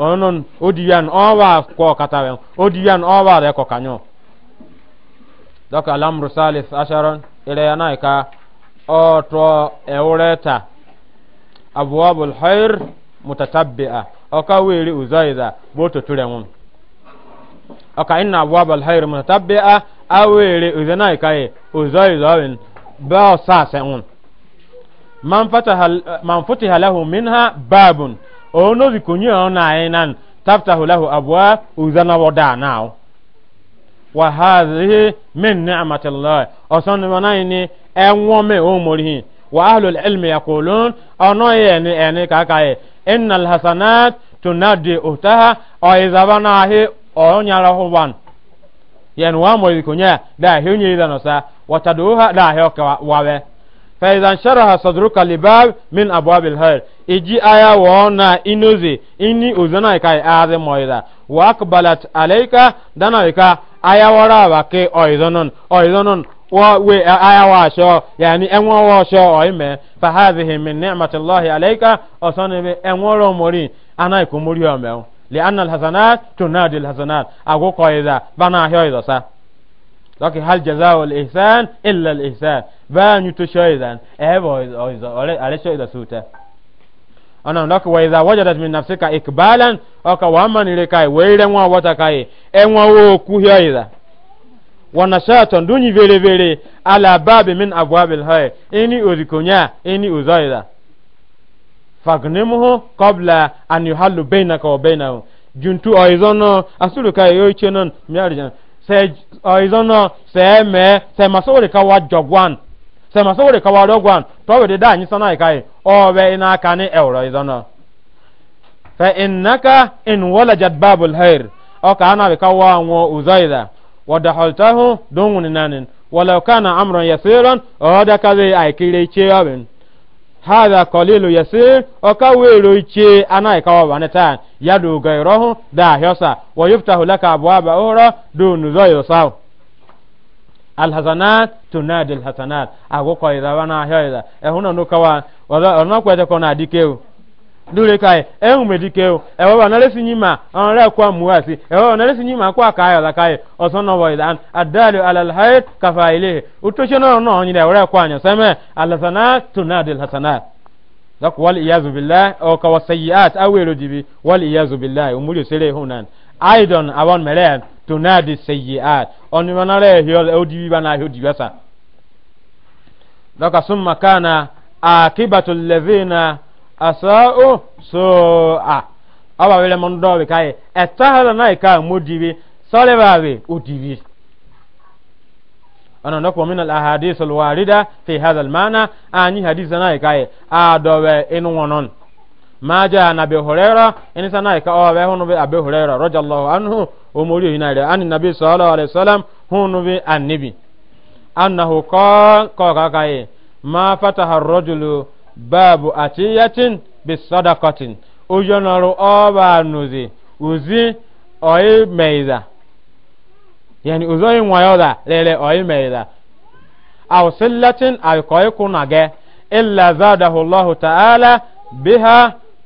onon odiyan owa ko katawen odiyan owa re ko kanyo dok alamru salis asharon ila yana ka o to eureta abwabul khair mutatabbi'a o ka wiri uzaida boto turenun o ka inna abwabul khair mutatabbi'a awere uzana kai e, uzaida win ba sa seun man fataha man futiha lahu minha babun ono zikunye ona ainan taftahu lahu abwa uzana wada now wa hadhihi min ni'matillah osan wana ni enwo me o morihi wa ilmi o izabana hi o nyara huban yen wa mo zikunye da hi nyi danosa wataduha da hi okawawe فإذا انشرح صدرك لباب من أبواب الخير إجي آية وانا إنوزي إني أزنا إكاي آذي مويدا وأقبلت عليك دانا إكا آية ورا وكي أيضنون أيضنون وي آية واشو يعني أمو واشو أيمي فهذه من نعمة الله عليك أصنع بأمو رموري أنا يكون مريوم لأن الحسنات تنادي الحسنات أقول قيدا بنا هيدا سا لكن هل جزاء الإحسان إلا الإحسان baa nyuto shoizan evo ale shoiza suta ana ndaka wa idha wajadat min nafsika ikbalan aka wa amanire kai weire nwa wata kai enwa wo kuhya idha wana shatan dunyi vere vere ala babi min abwabil hay ini uzikonya ini uzaida fagnimuhu qabla an yuhallu bainaka wa bainahu juntu oizono asulu kai yoichenon miarjan se oizono se me se masori ka wa jogwan sɛma sɛ wode kawaadɔ guan tɔ wede da anyi sɔnɔ ikae ɔɔbɛ ina ka ne ɛwrɔ izɔnɔ fa innaka in walajat babul hair ɔka ana bi ka waa ŋɔ uzɔida wadaholtahu dunguninanin walau kana amran yasiran ɔɔda ka be aikire ceɔbin هذا قليل يسير وكويلو يشي انا يكوا بانتان يدو غيره دا هيوسا ويفتح لك ابواب اخرى دون ذو يصاو alhasanat tunadi alhasanat ago ko ida wana ahyo ida e huno no kawa wala ona kai e hu medikeu e wa na kwa muasi e wa na kwa kai la kai osono ida adalu ala alhayd kafaile utoche no no onyi da kwa anyo seme alhasanat tunadi alhasanat dak wal iyazu billah o kawa sayiat awelo dibi wal iyazu billah umuri sele hunan aidon awon mere tunadi sayiat oni mana le hiyo odi bi bana hiyo diwasa laka summa kana akibatu allazina asau soa aba wele mon do be kai etahala nai ka modibi sole bawe odibi ana nako na al ahadith al warida fi hadha al mana ani hadithana kai adowe inu wonon ma jaa na abi huraira in sana ika o be hunu bi abi huraira anhu o mori re an nabi sallallahu alaihi wasallam hunu bi annabi annahu qala ka ka kai ma fataha rajulu babu atiyatin bi meiza yani uzoi lele ta'ala biha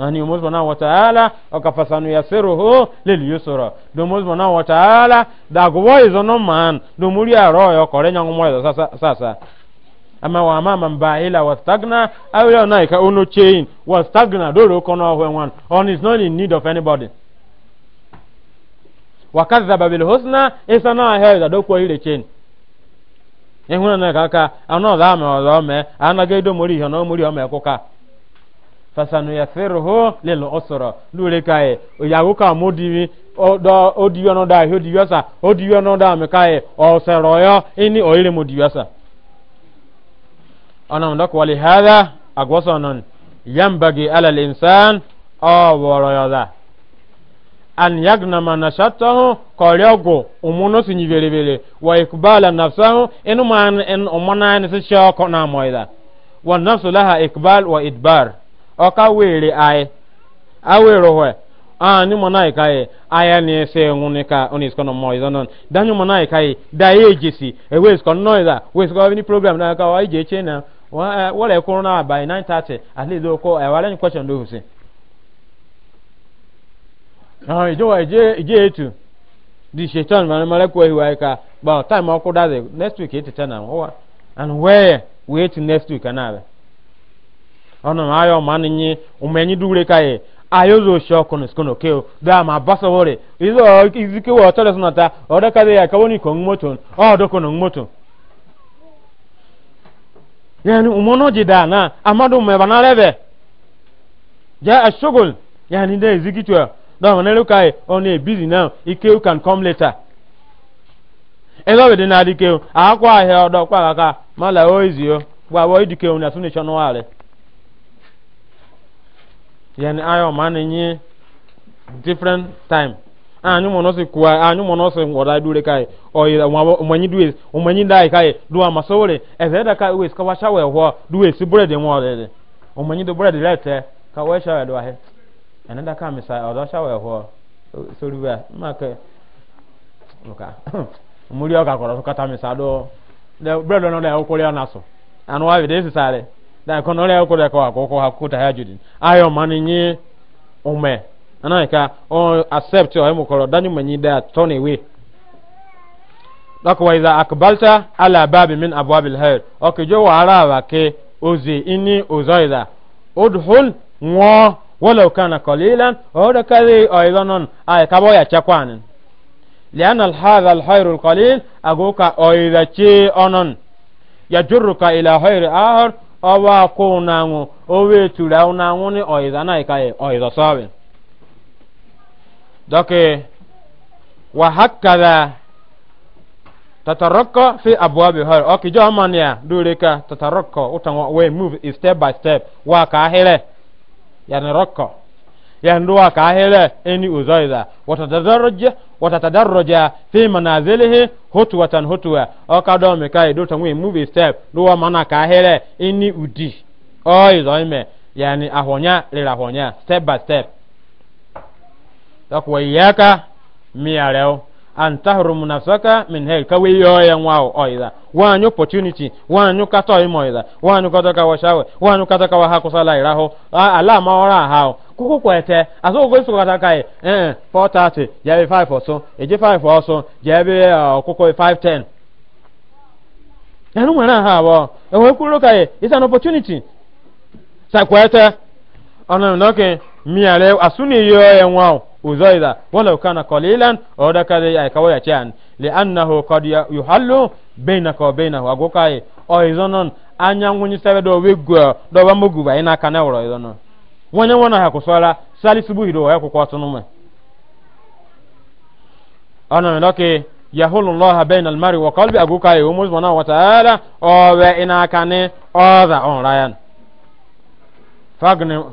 ani umar subhanahu wa ta'ala aka fasanu yasiruhu lil yusra do umar subhanahu wa ta'ala da gwo izo no man do muri ya yo kore nyangu mo sasa sasa ama wa mama mbaila wa stagna aw yo na ka uno chain wa stagna do ro kono ho wan on is not in need of anybody wa kadhaba bil husna isana na do ko ile chain ehuna na ka ka ano da me o do me anaga do muri ho no muri o kuka fasanuyasiruhu lilo osoro lure kaye oyawo ka mo diwi odo odiwi ono da ho diwi osa odiwi ono da mi kaye osero yo ini oyire mo diwi osa ona ndo ko wali yambagi ala al insan aworo yoda an yagnama nashatahu koryogo umuno sinyiberebere wa ikbala nafsahu inu man en umana ni se shoko na moida wa nafsu laha ikubal wa idbar ọka were ayi awere hwe ani mona ikai aya ni se nguni ka mmụọ skono mo izonon danyu mona ikai da ejesi e we noise ah we skono any program na ka wa je chena wa e, wala na by 9:30 at least ko e wala ni question do se ah wa etu di shetan man mala ko hiwa time ko da next week it ụwa and where etu next week anabe ono ayo maninyi umenyi dure kaye ayo zo shoko no skono keo da ma basa wore izo izike wo tole sunata oda kade ya kawoni ko ngmoto o do ko ngmoto yani umono jida na amadu me banarebe ja ashugul yani da izikitwa da manelo kaye on e busy now ikeu can come later elobe de na dikeu akwa ahia ọdọ kwa kaka mala oizio gwa wo idikeu na sunishon wale yani ayo mani nyi different time anyu mono se kwa anyu mono se ngora dure kai o ira mwanyi duwe mwanyi dai kai duwa masore ezeda we ska washa we duwe si bread mo rede mwanyi do bread ka we sha we do ka na e da kono le ko le ko ko ko hakuta hajudin ayo mani ni ume anaika o accept o hemu kolo danyu manyi da tony we dako waiza akbalta ala babi min abwabil hayr o ke jo wara wa ke ozi ini ozoida udhul ngo walau kana qalilan o da kali o idanon ay kabo ya chakwanin لأن هذا الخير القليل أقولك أو إذا شيء أنن يجرك إلى خير آخر ọwa akwụ n'anwụ owe eturu anwụ n'anwụ ni ọyịza anaghịka ọyịza sọrị dọkị wahakara tatarọkọ fi abụọ bihar ọkịjọ ọmanị a dure ka tatarọkọ ụtanwa wee move step by step wa ka ahịrị yanarọkọ يندوا كاهلة إني أزايدا وتتدرج وتتدرج في منازله هتوة هتوة أو كدوم كاي دو تموي موفي ستيب دوا مانا كاهلة إني أدي أو إزايمة يعني أهونيا للأهونيا ستيب باي ستيب تقوى إياك مياريو an tahrumu nafsaka min hel ka weyo yan wawo oida wanyu opportunity wanyu kato imo oida wanyu kato ka washawe wanyu kato ka wahaku sala iraho ala ma ora hao koko kwete aso koko isu kata kai eh 430 jẹbi 5 ọsọ eji 5 ọsọ jẹbi ọkụkọ 510 ha abụọ kai is an opportunity asuni ya nwa wala ya kawo ya chan li annahu qad yuhallu bainaka wa bainahu agokai o izonon sebe do do bamugu kana woro izonon wani wani ha kusala sali subuhi do ya kukwa tunuma ana loke eh, yahulu allah bayna al mari wa qalbi aguka ya umuz wana wa ta'ala o wa ina kane o za on rayan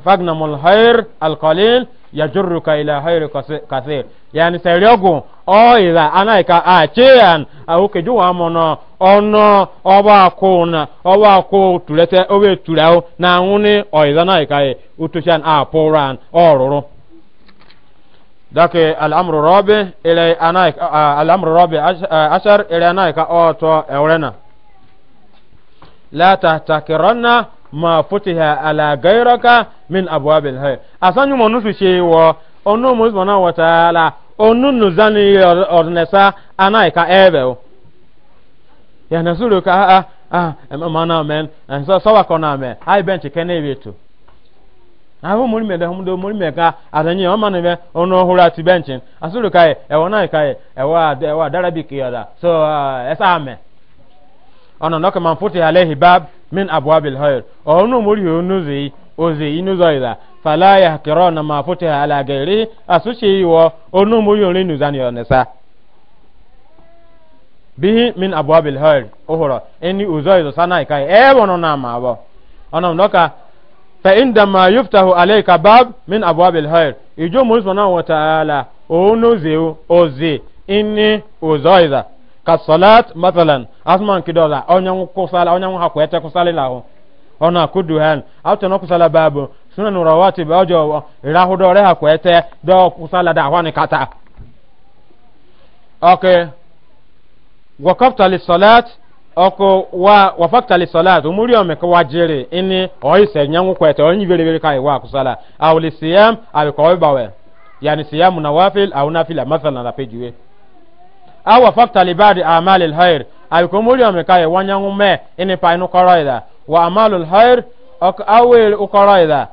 fagnamul khair al qalil yajurruka ila hayri kathir yani seriogu o ila anaika a cheyan au kejuwa mono ono oba kuna oba ko tulete obe tulao na ngune o ila naika e utushan a poran ororo dake al'amru rabi ila anaika al'amru rabi ashar ila anaika o to eurena. la tahtakiranna ma futiha ala gairaka min abwabil hay asanyu mo nusu she wo onu mo subhana wa taala onu nuzani ornesa anai ka o ya na suru ka a a ah, ah, ah mana men and eh, so so wa kona me ai bench kene na awo mo me da hum do mo me ka adanyi o manu be onu ohura ti benchi asuru ka e wona ka e wa e wa darabi kiyada so ah, esa ọ̀nà nọ́kà man fúti aléhi bab min abuwa bilhoyer ọ̀nà múrí onuzi ozi inú zọ́ìdá falaya kìrọ̀ na man fúti alagẹ̀rí àsúṣe ìwọ ọ̀nà múrí orin nù zani ọ̀nẹ́sá bihi min abuwa bilhoyer ọ̀hùrọ̀ ẹni ọ̀zọ́ ìzọ sánà ìka ẹ̀wọ̀n náà máa bọ̀ ọ̀nà nọ́kà فعندما يفتح من أبواب الخير يجو مولى سبحانه وتعالى أونو زيو أوزي إني أوزايدا ka salat matalan asman kidola onyangu kusala onyangu hakwete kusali laho ona kuduhan auto no kusala babu sunan rawati bajo rahu dore hakwete do kusala da hwani kata okay wakafta li salat oko wa wafakta li salat umuri ome ko wajere ini oise nyangu kwete onyi vile vile kai wa kusala au li siyam al ko bawe yani siyamu nawafil au nafila mathalan la pejiwe awa fakta libadi amali lhair abikomuli omekaye wanyangu me ini pa koroida wa amalu lhair awil ukoroida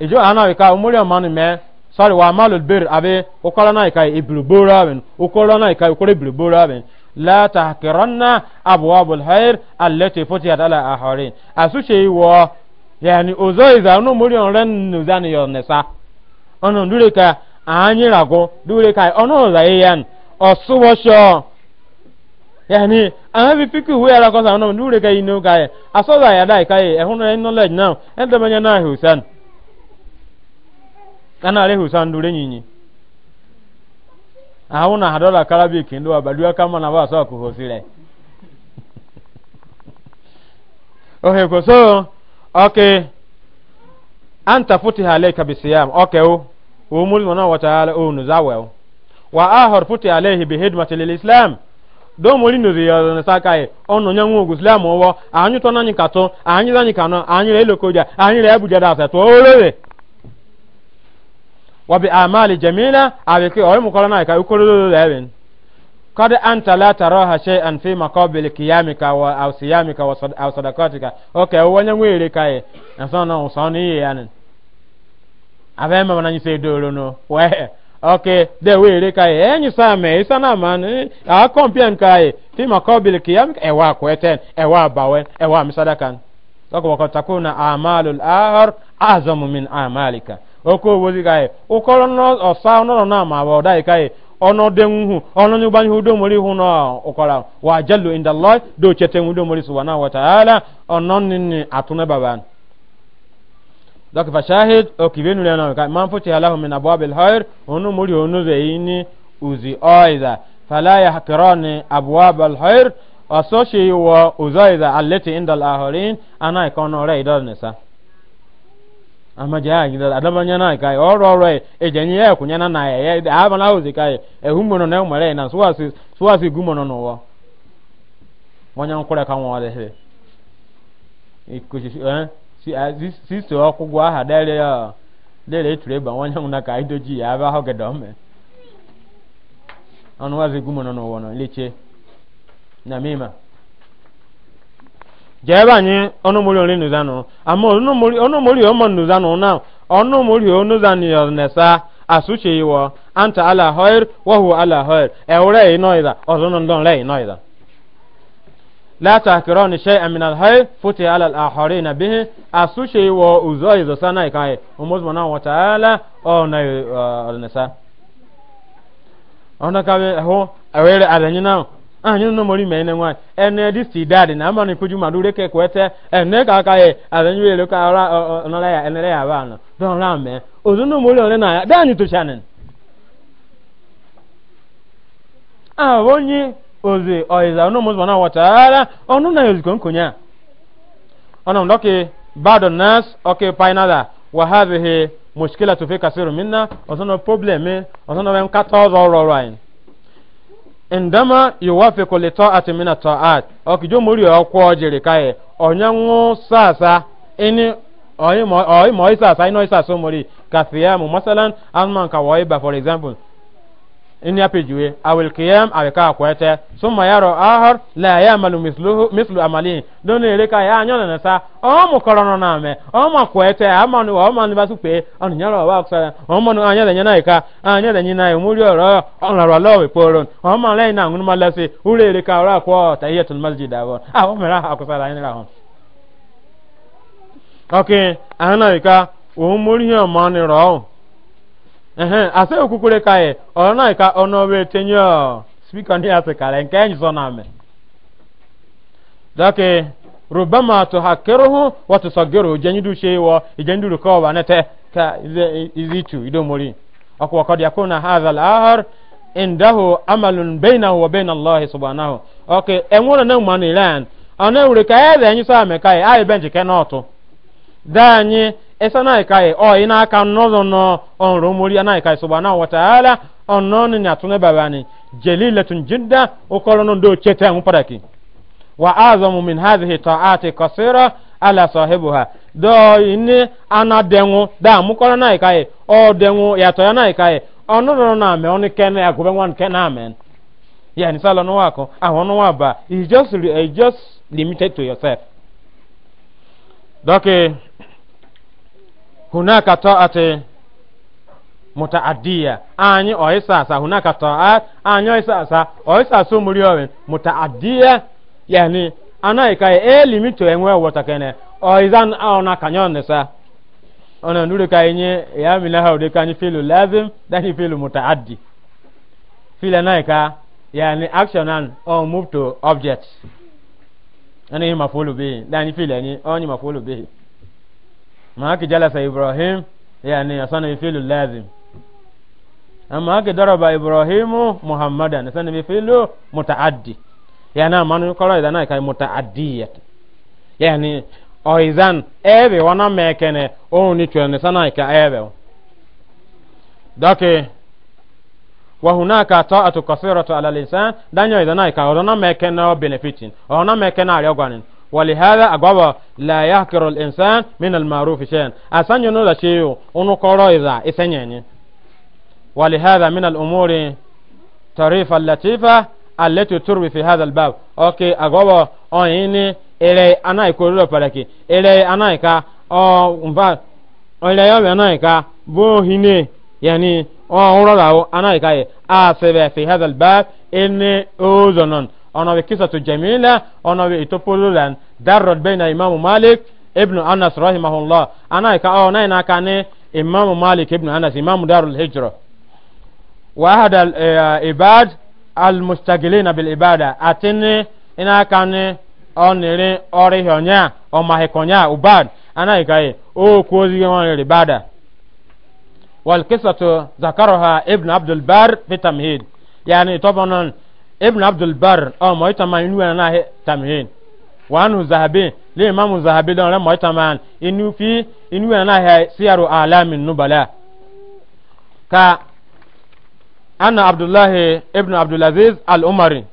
ijo anawika umuli omani me sorry wa amalu bir abi ukorona ikai ibrubura bin ukorona ikai ukore ibrubura bin la tahkiranna abwabu lhair allati futiyat ala aharin asuche wo yani ozoiza unu muri onren nuzani yonesa ono ndureka anyirago dureka ono zaiyan ọsụwọsọ yani àwọn bí píkì ìwé ara kọsà àwọn ọmọdé wúre kẹyìn inú káyẹ asọ́dọ̀ àyàdá ìkáyẹ ẹ̀hún ẹ̀yìn knowledge náà ẹ̀ń tẹ́ mẹ́yẹn náà ahụ ẹ̀nà àrẹ enyi dúró ahụ na náà àdọ́là karabik *laughs* wa ahor futi alayhi bi hidmati lil islam do mori no riyo na e onu nyanwu ogu islam owo anyu to nanyi kato anyi zanyi kano anyi re lokoja anyi re abuja da aseto olore wa bi amali jamila abiki oy mukola na ka ukoro leben قد أنت لا تراها شيئا في مقابل قيامك أو صيامك أو صدقاتك أوكي هو نعوي لكاي نصنع نصنعي يعني أبين ما بنعيش no وين okay de were ka e. enyi sa me isa na man a kompian kai e. ti makobil kiyam e wa kweten e wa bawen e wa misadakan doko wako takuna amalul ahar azamu min amalika oko wozi kai e. ukoro no no na ma ba dai kai ono denhu ono nyuba nyu do mori hu no wa jallu do do mori subhanahu wa ta'ala onon ni atuna baban donc fa shahid o kibenu le non ka man futi alahu min abwabil khair onu muri onu zeini uzi oiza fala yahkirani abwabal khair asoshi wa uzaiza allati inda al ahirin ana ikono re idonisa ama jaa gidal adama nyana kai oro oro e jenye ya kunyana na ya ya aba na uzi kai e humono na umare na suwasi suwasi gumono no wo wonya nkure kan wo de he ikushi eh si sisi ah, ọkwụgwọ aha dere ya ah, dere eturu ịba nwanne m na ka idoji ya aba ahụ gada ome ọnụ wazi gumo nọ n'ụwa nọ leche na mima jebe anyị ọnụ ọnụmori ori nuzanụ ama ọnụmori ọmọ nuzanụ na ọnụmori onuzanụ ya nesa asuche iwọ anta ala hoir wọhụ ala hoir ewure inoida e ọzọ nọ ndọ nre inoida e la tahkirani shay'an min al-hayr futi ala al-akharin bihi asushe wa uzoi zo sana kai umuz mana wa ta'ala ona onesa ona kawe ho awere adanyina anyi no mori me nenwa ene di na amani kuju madure ke kwete ene ka ka ye adanyu ele ka ora onala ya ene ya ba no don ra me ya ozi ọyịza ọnụ mụzụ na ara ọnụ na yoziko nkonya ọnụ ndọkị badon nas ọkị painada wahabihi mushkila tufe kasiru minna ọsọnọ problem ọsọnọ bẹ nkata ọzọ ọrọ ọrọ anyị ndama yuwafiku litọ ati mina tọ at ọkịjọ ya ọkwọ jiri kaye ọnyanwụ sasa ịnị ọyị ma ọyị sasa ịnọ ịsasa omori kafiya mu masalan asman ka wọyị ba for example in ya pijuwe awil qiyam awe ka kwete summa yaro ahar la ya'malu misluhu mislu amali don ere ka ya anyona na sa o mu korono na me o ma kwete amanu o ma ni basupe on nyaro wa kusala o ma no anya da nyana ka anya da nyina muri oro on la ro lawe poron o ma le na ngunu malase ere ka ora kwa tahiyatul masjid a ase okukure ka ye ọrọ náà e, ka ọnà ọbẹ tẹnyẹ ọ spika ní àtìkàlẹ nkẹ ẹyìn sọ náà mẹ. dọkì rubama tó ha kéré hó wọ́n ti sọ gèrò ìjẹ́nidú ṣe wọ ka kọ́ ọ̀bà nẹ́tẹ́ ká ìzí tù ìdómori ọkọ̀ ọkọ̀ díẹ̀ kó na ha àzàlẹ̀ ahọ́r ìndáhù amalùn bẹ́ẹ̀ náà wọ bẹ́ẹ̀ náà lọ́ọ̀hì sọ̀bà náà hù. ọkì ẹ̀wọ̀n náà mọ̀ ní ìlànà ọ̀nà ìwúrẹ̀ ká esa na kai o ina aka no na kai subhanahu wa ta'ala on ni atune babani jidda do mu wa azamu min hadhihi ta'ati ala do ini ana da mu na kai o denwu ya to na kai onono na me oni kene agobe wan kene amen yani sala no wako ahono just limited to yourself okay. hunaka ta'ati mutaaddiya anyi oisasa hunaka ta'at anyi oisasa oisasa muriyo mutaaddiya yani anaika e limito enwe wotakene oizan ona kanyone sa ona ndure ka enye ya mina ha de kanyi filu lazim dani filu mutaaddi fila naika yani action and or move to object ani mafulu bi dani fila ni onyi mafulu bi maaki jalasa ibrahim yani asana ifilu lazim amma ake daraba ibrahimu muhammadan asana ifilu mutaaddi yana manu koro idana kai mutaaddiya yani oizan ebe wana mekene oni chwene sana ka ebe dake wa hunaka ta'atu kasiratu ala lisan danyo idana ka ona mekene o benefitin ona mekene ari ogwanin ولهذا أقوى لا يهكر الإنسان من المعروف شيئا أسان ينولا شيء ونقرأ إذا إثنين يعني. ولهذا من الأمور طريفة اللطيفة التي تروي في هذا الباب أوكي أقوى أيني إلي أنا يقول لك إلي أنا يكا أو مبا إلي أنا يكا بوهيني يعني أو أنا يكا أسبب في هذا الباب إني أوزنون ona we kisatu jamila ona we itopululan darrat baina imamu malik ibnu anas rahimahullah ana ka o na na kane imamu malik ibnu anas imamu darul hijra wa hada al eh, ibad al mustaqilina bil ibada atini ina kane onire ori honya o mahikonya ubad ana ka o ko ozi won ibada wal qisatu zakaraha ibnu abdul bar fi tamhid yani tabanan ibn abdul bar o moy tama inu na he tamhin wa anu zahabi li imam zahabi don re moy tama inu fi inu na he siyaru alamin nubala ka ana abdullah ibn abdul aziz al umari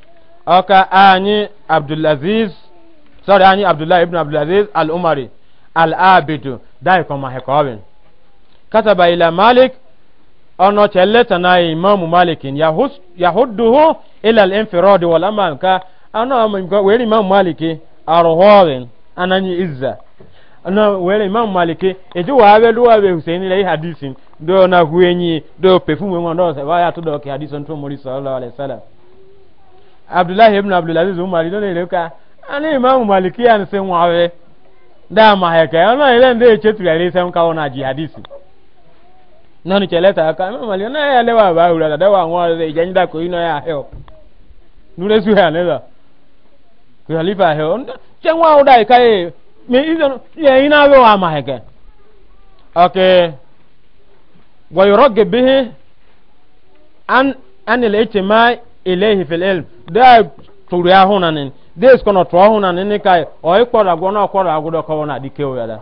o ka ani abdul sorry ani abdullah ibn abdul aziz al umari al abidu dai ko ma he ko kataba ila malik ono cheleta na imam malik yahudduhu ila al-infirad wal amal ka ana amimka weri imam malik arhorin anani izza ana were imam maliki eji wa be husaini na hadisin do na huenyi do perfume mo do se baya to do ke hadisin to muri sallallahu alaihi ibn abdul aziz umar do ka ana imam maliki ya nse nwawe da nani cheleta aka mama leo na ya lewa ba da wa ngwa de janda ko ino ya heo nure su ya halifa heo uda ka e me izo ya ina be wa heke okay wa yurag bihi an an al ijtima ilayhi fil ilm da turu ya hunanin des kono hunanin kai o gona agudo na ya da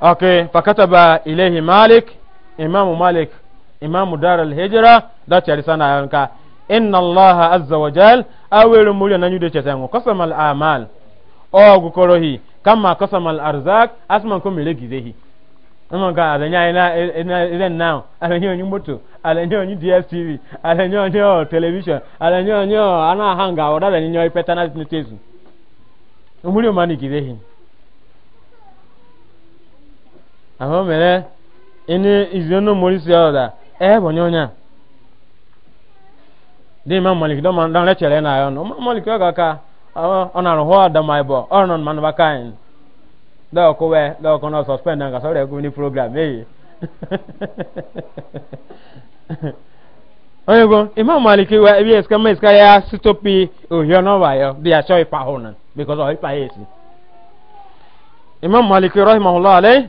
okay fakataba ilayhi malik imamu malik imamu dar al hijra da tari sana yanka inna allaha azza wa jal awiru mulya na nyude chetango qasama al amal o gukorohi kama qasama al arzak asman ko mele gizehi amma ga alanya ina ina ina now alanya onyi moto alanya onyi dstv alanya onyi television alanya onyi ana hanga wadala ni nyoy petana ni tezu mulya mani gizehi ahụ mere ene izionu morisi ọda ebe onye onye dị ma malik dọma ndọ chere na ya ọnụ ma malik ọ ga-aka ọ na arụhụ ọda ma ịbọ ọ nọ mmanụ baka anyị dọọkụ wee dọọkụ na sọspend na nkasa ọrịa egwu program eyi *laughs* onye gwo imam malik wa ebi eska ma eska ya sitopi ohio n'ọba ya dị ya chọọ ịpa ahụ na because ọ ịpa ya esi ime imam malik rahimahullah alayhi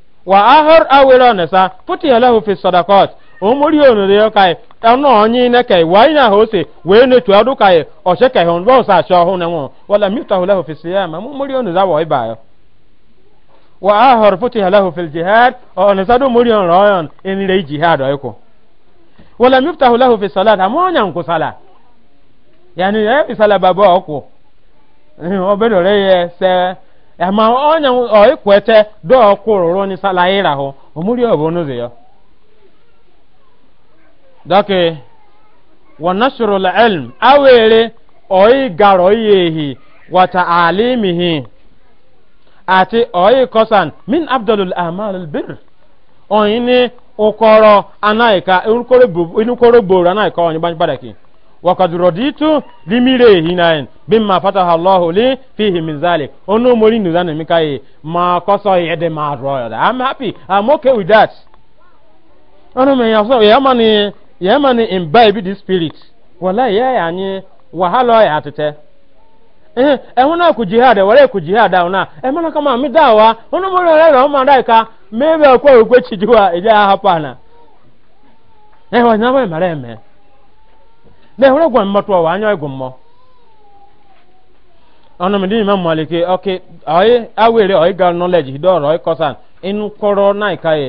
wa ahor awere onesa puti lahu fi sadaqat omori onore yokai ẹnu ọnyi nẹkẹ wàá yàn àhóse wèé nu tu o kàyé ọ̀sẹ̀ kẹhìn bọ́ọ̀ sá aṣọ ọ̀hún ẹ̀wọ̀n wọlé mìtọ́ ọ̀hún lẹ́hùn fi síyá mà mórí ọ̀nà ìdáwọ̀ ibà yọ. wà á họrọ fún tìhà lẹ́hùn fi jihad o ọ̀nà sádùn mórí ọ̀nà ọ̀yàn ẹnìrẹ́ jihad ọ̀ẹ́kọ̀. wọlé mìtọ́ ọ̀hún lẹ́hùn fi sọ̀lá àmọ́ ọ̀nyàn kò sálà yàní ẹ̀ fi sálà bàbá ọ̀kọ̀ ọ̀bẹ̀dọ̀rẹ́ yẹ se ma onye oikwete dọọ kwụrụrụ ni sala ịrahụ omuri obonuzi ya dọkị wanashuru ilm awere oyi garo ehi wata alimihi ati oyi kosan min abdulul amal albir oyin ni ukoro anaika inukoro gboro anaika onye gbanyi padaki وقد رضيت لميري هنا بما فتح الله لي فيه من ذلك ono mori nu zanu mi kai ma koso yede ma royal i'm happy am okay with that ono me ya mani ya mani imbibe the spirit wala ya ya wahala ya tete eh ehun ku jihad wala ku jihad e mana kama mi dawa ono ma dai ka mebe chijuwa hapana eh wa na ba mare me na ehwere gwa mmatu ọwa anya egwu mmọ ọnụ m dị imam maliki oke oyi awere oyi ga knowledge hidoro oyi kosan inu koro naika ye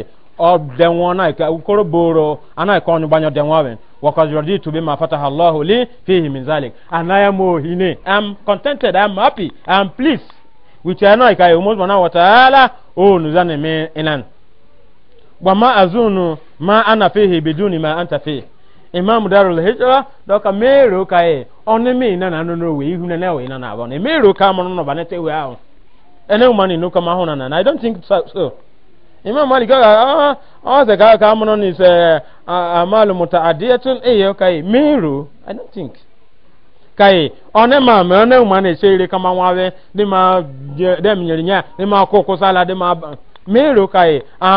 ọdẹwọn naika ukoro boro anaika ọnụ gbanyo dẹwọn wen wakọzi rọdi tubi ma fata allahu ọhụli fihi min zalik anaya mo hine i'm contented am happy am pleased with your naika ye umus mana wataala o nuzani mi inan gbama azunu ma ana fihi biduni ma anta fihi imam darul hijra doka mero ka e oni mi na na no we ihu na na we na na abo na ka mo no ba na we ma na i don't think so, so. imam malik ga ah ah ze ga ka mo ni se amal mutaadiyatun e, e i don't think kai na se ire ka ma e, wa we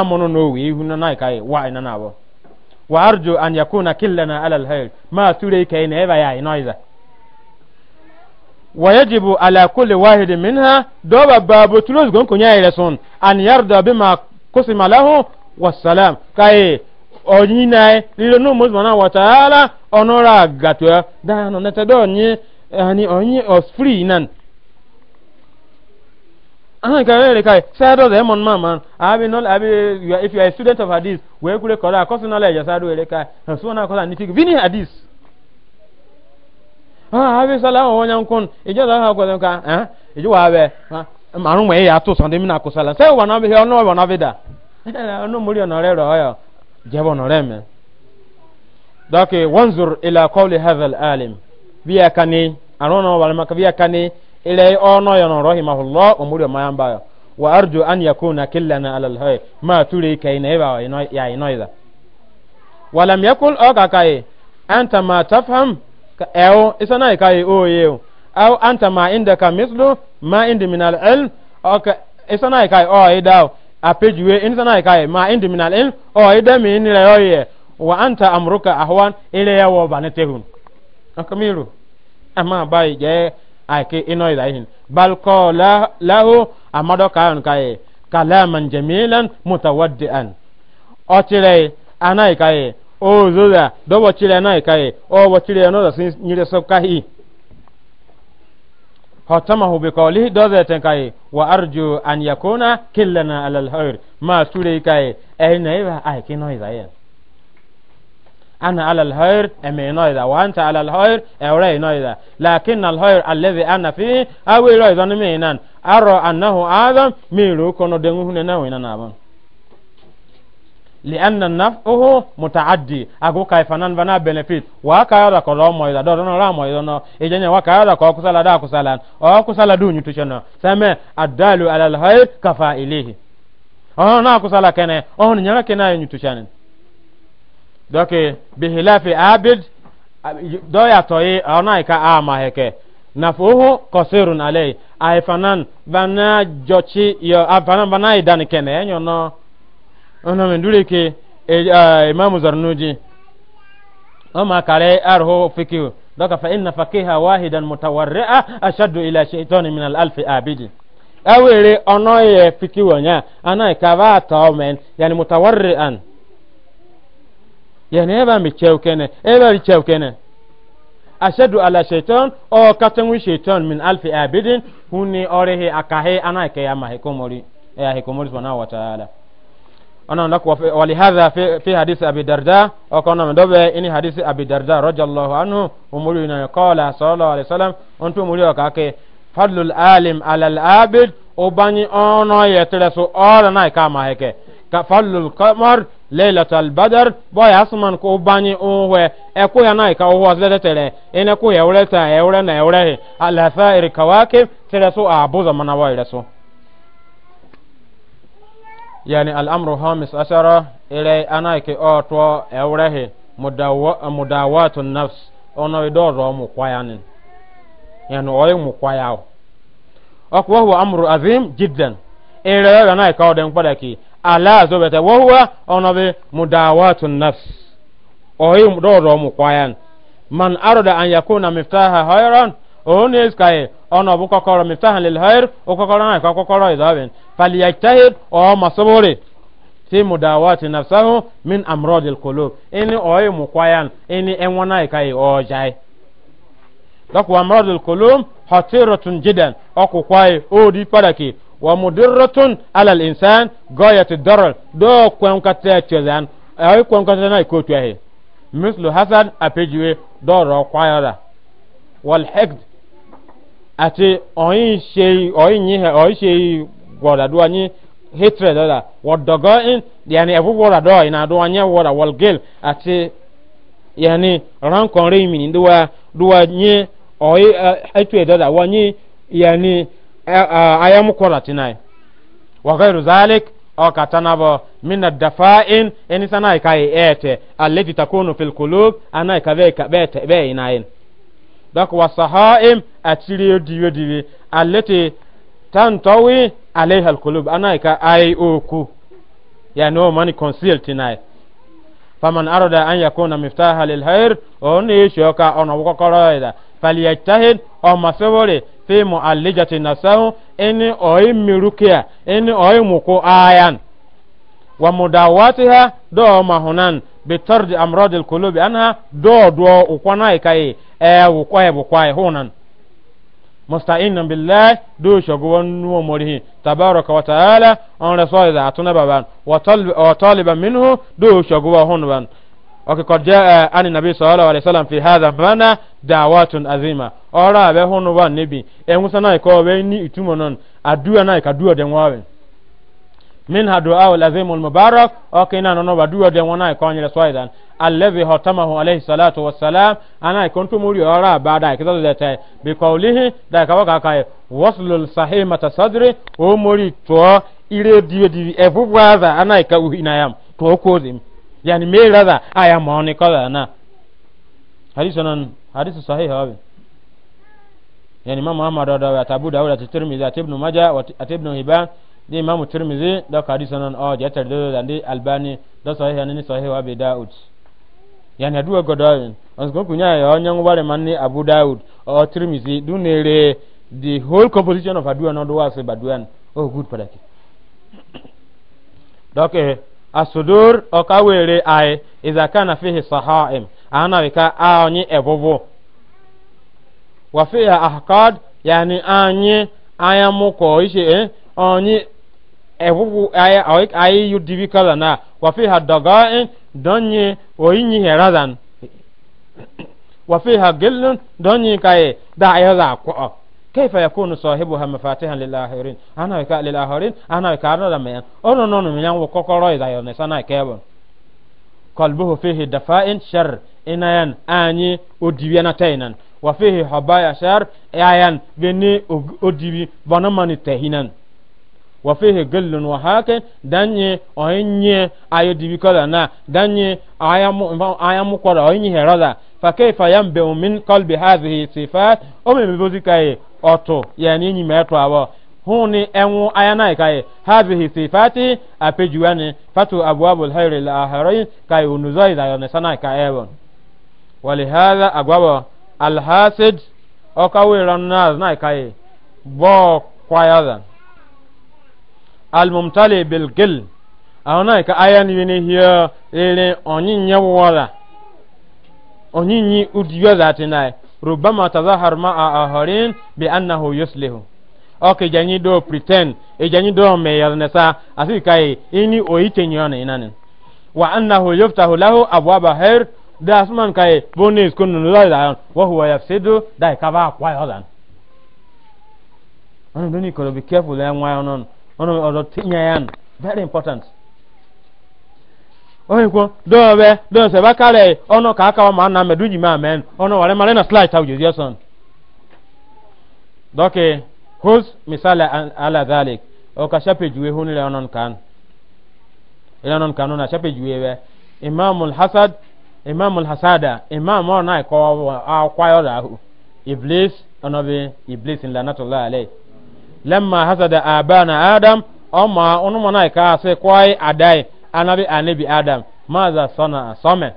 ma ihu na na wa arju an yakuna killana ala alhayr ma sure kai ne ba yayi noiza wa yajibu ala kulli wahidin minha doba babu tulus gon kunya ile sun an yarda bima qusima lahu wassalam kai onyina e, lilo nu mo subhanahu wa ta'ala onora ani onyi os free anan ka rere kai sai do ze mon mama abi no abi if you are a student of hadith we kure kora ko sino le yasa do rere kai so na ko ni tik vini hadith ah abi sala o nyan kon ijo da ha ko ka eh ijo wa be ma run we ya to so de mi na ko sala sai wa na be he no wa na be da *laughs* no muri ona re ro yo jebo no re me dake wanzur ila qawli hadha al alim biya kani arona wa makabiya kani ilẹ̀ ọ̀nà yọ̀nà rọ́hìmáhùlọ́ òmùrẹ̀ máa ń bá yọ wà arjò an yakuna kìlànà alalhoi máa túrẹ̀ ikẹ̀ iná ibà yà iná ìdá wàlàm yakul ọ̀kàkà yìí anta ma tafham ẹ̀wọ̀ isana ìka yìí ó yẹ o aw anta ma inda ka mislu ma indi minal ilm ọ̀kà isana ìka yìí ó yẹ dá o àpèjúwe isana ìka yìí ma indi minal ilm ó yẹ dá mi nílẹ̀ ó yẹ wa anta amruka ilẹ̀ yẹ wọ̀ bàní ake ino ila ihin bal ko la, lahu amado ka an kai kalaman jamilan mutawaddian o chire anai kai o zula do bo chire anai kai o bo chire no da sin nyire so kai hatamahu bi qawlihi do za kai wa arju an yakuna killana ala alkhair ma sure kai eh na iba ai kino ila ana ala alhair eme inoida wa anta ala alhair ewre inoida lakin alhair alladhi ana fi awi iroida ni mi inan aro annahu adam mi ru kono dengu hune na wina na ban lianna naf'uhu mutaaddi agu kai fanan bana benefit wa ka yara ko ro moida do no ra moida no ejenya wa ka yara ko kusala da kusala o kusala dunyu tuchana same adalu ala alhair ona kusala kene on nyara kene ayu tuchana dɔke bihilafi abid dɔ yatɔ ye ɔna yi ka ama hɛkɛ nafuhu kɔsirun ale ayi fanan bana jɔci yɔ a fanan bana yi dani kɛnɛ ɛ nyɔnɔ ɔnɔ mi imamu zarnuji ɔma kare arho fikiu dɔka fa inna fakiha wahidan mutawarri'a ashaddu ila shaytani min al-alfi abidi awere ɔnɔ yɛ fikiwɔnya ana yi ka ba tɔ mɛn yani mutawarri'an yani eba mi chew kene eba ri chew kene ashadu ala shaitan o katanwi shaitan min alfi abidin huni orehe akahe ana ke ya mahikomori ya hikomori subhanahu wa ta'ala ana ndako walihadha fi, fi hadisi abi darda okona mdobe ini hadisi abi darda radiyallahu anhu umuri na qala sallallahu alaihi wasallam onto muri okake fadlul alim ala al abid obanyi ono yetere so ora lailatul badr boya asman ko bani onwe e ya nai ka owo zele tere ene ko ya ure ta e ure na e ure ala sa'ir kawakib tere so abu zamana wa ire so yani al'amru hamis ashara ire anai ke oto e ure he mudawatun nafs ono ido ro mu kwayanin yani oyin mu kwayawo akwa huwa amru azim jiddan ire ya nai ka oden padaki ala zobete wahuwa huwa onobe mudawatu nafs oyi doro mu kwayan man arada an yakuna miftaha hayran one sky ono bu kokoro miftaha lil hayr o kokoro na kokoro izaben falyajtahid o masabore fi mudawati nafsahu min amradil qulub ini oyi mu kwayan ini enwana kai ojai dok wa amradil qulub hatiratun jidan o kwaye o di padaki wa mudirratun ala al-insan gayatu darar do kwen ka ta chezan ay kwen ka ta na ko tuhe mislu hasad apejiwe do ro kwayara wal haqd ati oyin sey oyin yi oyin shei goda do anyi hatred da wadogo in yani ebu wora do ina do anya wora wal gil ati yani ran kon re mi ni do wa do wa nye oyin etu eh, da wa nyi yani ayamu koratinai wa ghairu zalik aw katanabo min ad-dafa'in eni sanai kai ete allati takunu fil qulub anai ka be ka be inain dak wa sahaim atiri diwe diwe allati tantawi alaiha al-qulub anai ka ai oku ya no mani conceal tinai faman arada an yakuna miftaha lil khair on yishoka on wukokoroida falyajtahid o masawore fi mu'allijati nasahu ini oyi mirukiya ini oyi muku ayan wa mudawatiha do mahunan bi tardi amradil qulubi anha do do ukwana kai e ukwaye bukwaye hunan musta'inan billahi do shogo wonu morihi tabaraka wa ta'ala on rasulida atuna baban wa taliban minhu do shogo wa hunban وقد جاء عن النبي صلى الله عليه وسلم في هذا فانا دعوات عظيمة أرى بهون وان نبي إن سنا يكو بيني إتمنون أدوا نا يكدوا دمواه منها دعاء العظيم المبارك أكينا نو بدوا دمونا يكون يسويدا الذي هتمه عليه الصلاة والسلام أنا كنت مولي أرى بعد كذا ذاته بقوله ذاك وقاك وصل الصحيمة صدري ومولي تو إلى دي دي أفوفا أنا يكوهنا يام تو كوزيم yani me rather aya maoni kala na hadisi nan hadisi sahih hawe yani imam ahmad da wa tabu da da tirmidhi da ibn majah wa ibn hibban ni imam tirmidhi da hadisi nan o oh, je tar da ndi albani da sahih ni sahih wa bi daud yani aduwa godawen on ko kunya ya onye ngware manni abu daud o oh, tirmidhi dunere the whole composition of aduwa no do was baduan oh good padaki *coughs* doke asudur ọkawere anyị ịzaka na fihi sahaim ana wika anyị ebubu wa fihi ahkad yani anyị anya mụkọ ishe eh anyị ebubu anyị anyị yudibi kala na wa fihi dagain donye oyinyi herazan wa fihi gillun donye kai da ayo za ko كيف يكون صاحبها مفاتيحا للآخرين أنا وكا للآخرين أنا وكا أنا لما أنا نونو من يوم وكوكورو إذا يونسانا كيبون قلبه فيه دفاء شر إنيان آني أدبينا تينان وفيه حبايا شر آيان بني أدبي بنماني تهينان وفيه قل وهاك داني أيني أيو دبي كلا نا داني أيام أيام كلا أيني هرلا فكيف ينبئ من قلب هذه الصفات أم بوزكاي otu ya ni nyime etu awo huni enwu ayana kai hadhihi sifati apejuani fatu abwabul hayri la aharai kai unuzai da yone sana ka ewo walihadha agwabo alhasid okawiran nas na kai bo kwayadan almumtali bilgil ahona ka ayan yini hiyo ile onyi nyewora onyi nyi udiyo zati nai rubama tazahar ma'a ahorin bi annahu yuslihu oke janyi do pretend e janyi do me yalnesa asi kai ini oite nyone inanin wa annahu yuftahu lahu abwaba khair da asman kai bonis kunun la wa huwa yafsidu da kava kwa yadan onu doni ko be careful en wa onon ono odo tinya yan very important oyikwo dɔɔbɛ dɔɔsɛ bakalɛ ɔnɔ kaka wa maa namɛ du nyima amɛn ɔnɔ wale male na slide ta ojozi ɛsɔn dɔke hos misali ala zalik ɔka shapejuwe hun ilɛ ɔnɔn kan ilɛ ɔnɔn kan na shapejuwe bɛ imamul hasad imamul hasada imam ɔnɔ ikɔ akwayɔ da ahu iblis ɔnɔ bi iblis in lanatullah alay lamma hasada abana adam ɔma ɔnumɔ na ika ase kwai adai anabi anabi adam maza sana some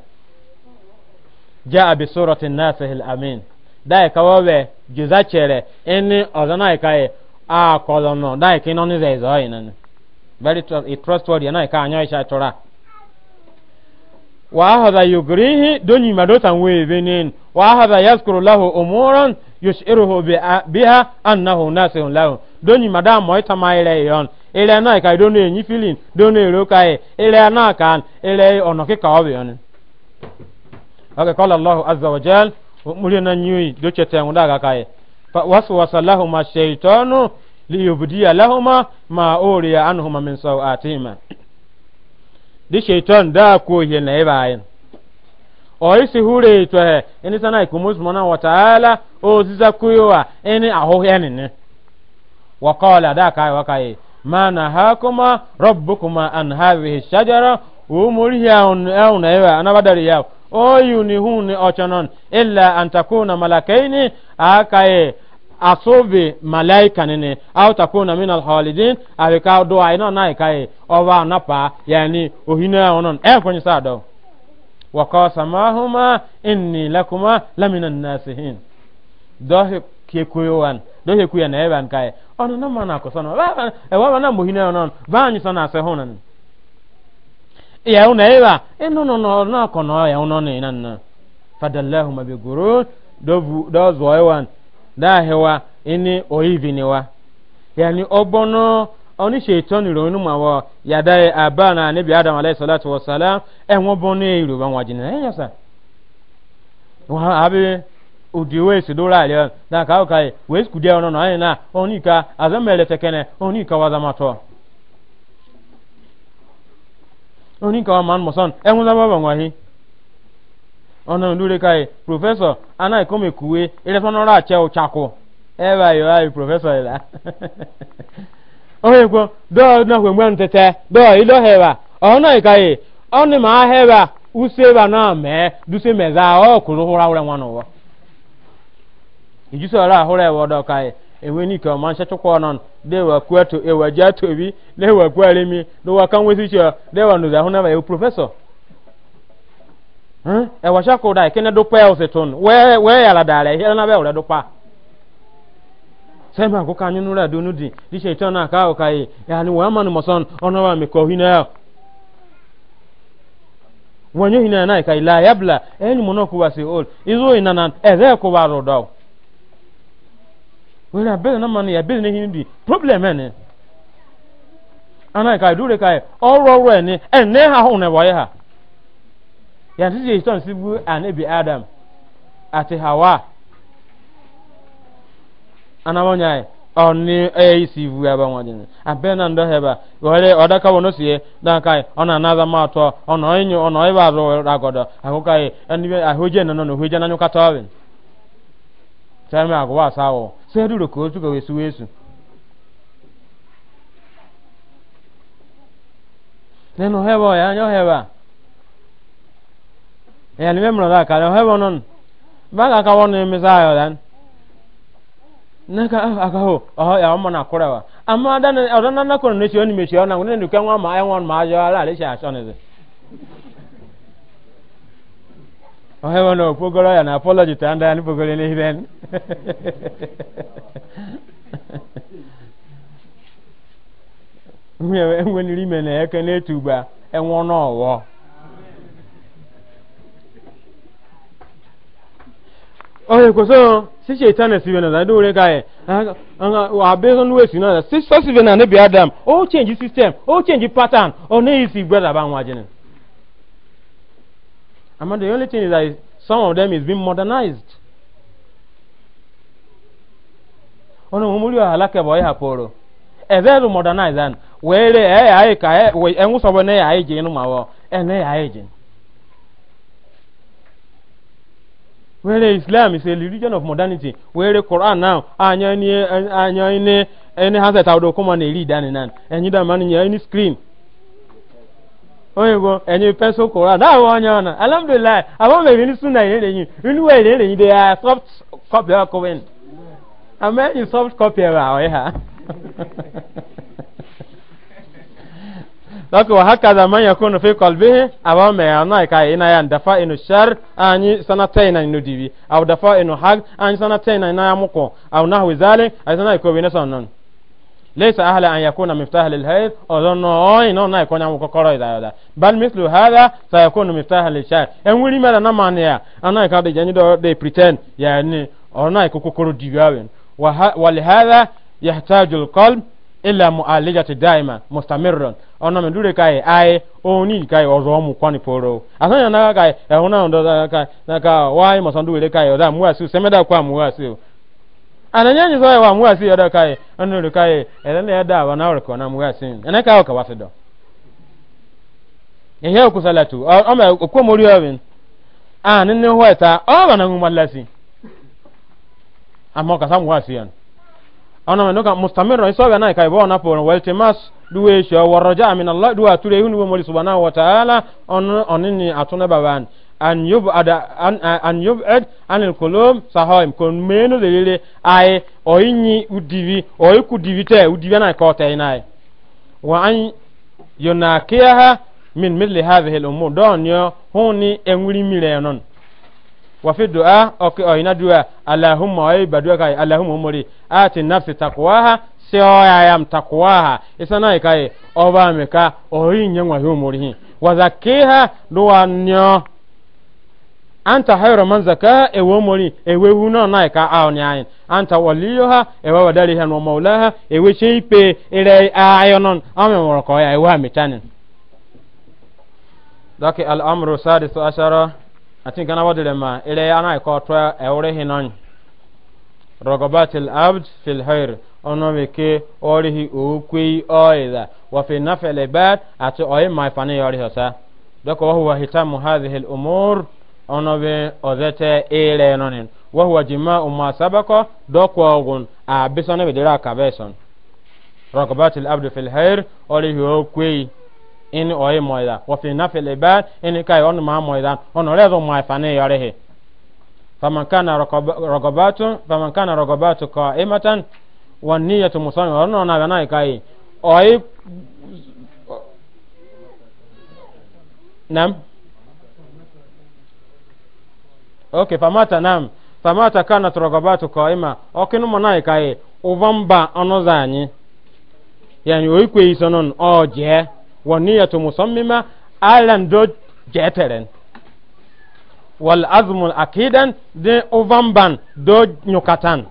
jaa bi surati nasihil amin dai ka wawe jiza chere ini ozana ikaye a kolono dai ki noni zai zo inan very trustworthy na ka anyo isha tora wa hadha yugrihi doni madotan webe benin wa hadha yaskuru lahu umuran yushiruhu biha annahu nasihun lahu doni madam moita maire yon ere na ka do na enyi filin do na ero ka e ere na ka ere ono ki ka obi on okay qala allah azza wa jal muri na nyi do chete ngunda ga ka e fa waswasa lahum ash-shaytanu liyubdiya lahum ma uriya anhum min sawatihim di shaytan da ko ye na e bayin oisi hure ito he ini sana ikumus mona wa ta'ala o ziza kuyowa ini ahohyanini wa qala da kai wa kai ma nahakuma rabbukuma an hadhihi shajara umurihi auna ewa anabadari yao oyuni huni ochonon illa an takuna malakaini akaye asobe malaika nene au takuna min alhalidin abika do aina na ikaye oba napa yani ohina onon e kwenye sado wa qasamahuma inni lakuma lamina dɔhɛ na ɛbɛn kaɛ ɔno e. na ma na akɔsɔ no ɛwɔ ba e, na mohina ɔno baa nyi sɔ na asɛ ho no yɛwo na ɛba ɛno no no ɔno akɔ no yɛwo no no ina no fadallahu ma bi dɔvu dɔzɔ ɛne ɔyivi ne wa ɔbɔ no ɔne no ma wɔ e, aba na ne bi adam alayhi salatu bɔ no sa otu iwe si ka wee skudia ọrụ na na oni ka azamele tekene oni ka wazamato oni ka man moson enwu baba ngwahi ono ndure kai ana ikome kuwe ile sono ra che uchako ila *laughs* ma useba na duse meza o kuru dọọ hura nwanu ijusoro ahụrụ ewe ọdọka enweni ka ọma nchachukwu ọnọn dewa kuato ewa ji atobi dewa kuarimi dewa ka nwezi uche dewa nuzi ahụ na ewu prọfesọ ewa shakụ da ikene dupa ya osetun wee yara dara ihe na bịa were dupa sẹ́mi àkókò anyínúra dunu di díṣe ìtàn náà káwọ́ káyé ẹ̀hà ni wọ́n á mánu mọ̀sán ọ̀nà wa mi kọ̀ hin náà wọ́n yóò hin náà náà ìka ìlà ayábìlà ẹ̀yìn mọ̀nà kó wa sí ọ́l ìzó ìnana ẹ̀rẹ́ kó wa rọ̀ dọ̀. wera bele na manu ya bele na hindi problem ene ana ka dure ka ọrụ ọrụ ene ene ha hụ na waye ha ya ntị je ton si bu anabi adam ati hawa ana vu ya ba nwajin abe na ndo heba wale odaka wono sie da kai ona naza ma to ona enyo na no hoje na sɛmɛ agɔba asaawɔ sɛduro kootu ka ah, ah, ya nyɔ hɛba ɛyani bɛ mura ka lɛ hɛbɔ nɔn baga ka wɔn ọhụrụ saa yɔ dan ne ka aka ho ɔhɔ ya ɔmɔ na kura wa ama adana ɔdɔ nana kɔnɔ ɔni ɔna ma ala ale onye nwe na okpogoro ya na apology ta ndị anyị kpogoro n'ihe enweniri ime na eke na-etu ugba enwe ọnụ ọghọ oye kwụsị si shetan sibe na ndị were kaye abịa n'uwe si na si sọ sibe na nebi adam o chenji sistem o chenji patan ọ na-eyisi gbadaba nwa jinin i Among the only thing is that some of them is being modernized. Ono umuri wa halake boy haporo. Ezeru modernize an were e ai ka e we enwu so ne ai je nu mawo. Ene ai je. Where Islam is a religion of modernity. Where Quran now anya ni anya ni ene hazet awdo kuma na ri dani e nan. Enyi da man screen. onye ẹni pẹsọ kora dáwọ ọnyẹ ọnà alhamdulilayi àwọn bèbí ní sunna yìí lè yin inú wẹ̀ de ya soft copy ọkọ wẹ̀ àmọ́ soft copy ẹ̀ wà ha lọ́kọ̀ wà hákàdà mọ́nyẹ̀ kún ní fíkọ̀l dafa inú ṣẹ́r ànyí sanà dafa hag sana sanà na náà ya mụkụ kọ̀ àwọn náà ليس أهلا أن يكون مفتاح للحيض أظن أي نو ناي كون يامو كوكورو إذا هذا بل مثل هذا سيكون مفتاح للشاي أموري ماذا نمان يا أنا كاد جاني دو دي بريتن يعني أو ناي كوكورو ديوين ولهذا يحتاج القلب إلى معالجة دائما مستمرا أنا من دوري كاي أي أوني كاي أزوم كوني فورو أصلا أنا كاي هنا عند كاي نكا واي مسندو إلى كاي هذا مواسو سمدا كوا مواسو ananya nyi zɔ wa mu asi yɛ dɛ ka yi ɛnu ri ka yi na yɛ da wa na ɔri kɔ na mu asi ɛnɛ ka yɛ ɔka wasi dɔ ɛyɛ kusala mori ɔbi a ne ne hɔ ɛta ɔba na ŋuma lasi ama ɔkasa mu asi yɛn ɔnɔ mɛ nuka mustamiro isɔ bɛ na yi kai yi bɔ ɔna pɔrɔ wɛlti duwe sɔ wɔrɔja amina Allah duwa ture ihu ni wo mori subana wɔ taala ɔni ni atuna babaani an yub ada an an yub ed an el kolom sahoim kon meno de lele ay oyinyi udivi oy ku divite udivi na ko te nai wa an yunakiha min mithli hadhihi al umur don yo honi enwiri mire non wa fi du'a ok oyina du'a allahumma ay badua kai allahumma umuri ati nafsi taqwaha se oya yam taqwaha isana kai oba meka oyinyi nwa hi umuri hi wa zakiha du'a nyo anta hayro man zaka e wo mori e we hu no na ka aw ni ayin anta waliyoha e wa wadari han wa maulaha e we sheipe ire ayonon ame moro ko ya e wa mitanin daki al amru sadis ashara atin kana wadare ma ire ana ko to e wore hinon rogobatil abd fil hayr onomeke orihi okwe oida wa fi nafel ibad ati oyi maifani yori hosa dako wa hitamu hadhihi al umur ono be ozete ere enonin. wa huwa jima'u ma sabaqa dokwagun a bisana be dira kabeson rakabatil abd fil hayr oli ho kwei in oye moida wa fi nafil ibad in kai on ma moida ono rezo ma fane yare he faman kana ragabatu faman kana ragabatu qa'imatan wa niyyatu musamma ono na na kai oye nam okay famata nam famata kana turagabatu qaima okay numo nai kai uvamba anoza anyi yani oikwe isonon oje waniyatu musammima alan do jeteren wal azmul akidan de uvamban do nyukatan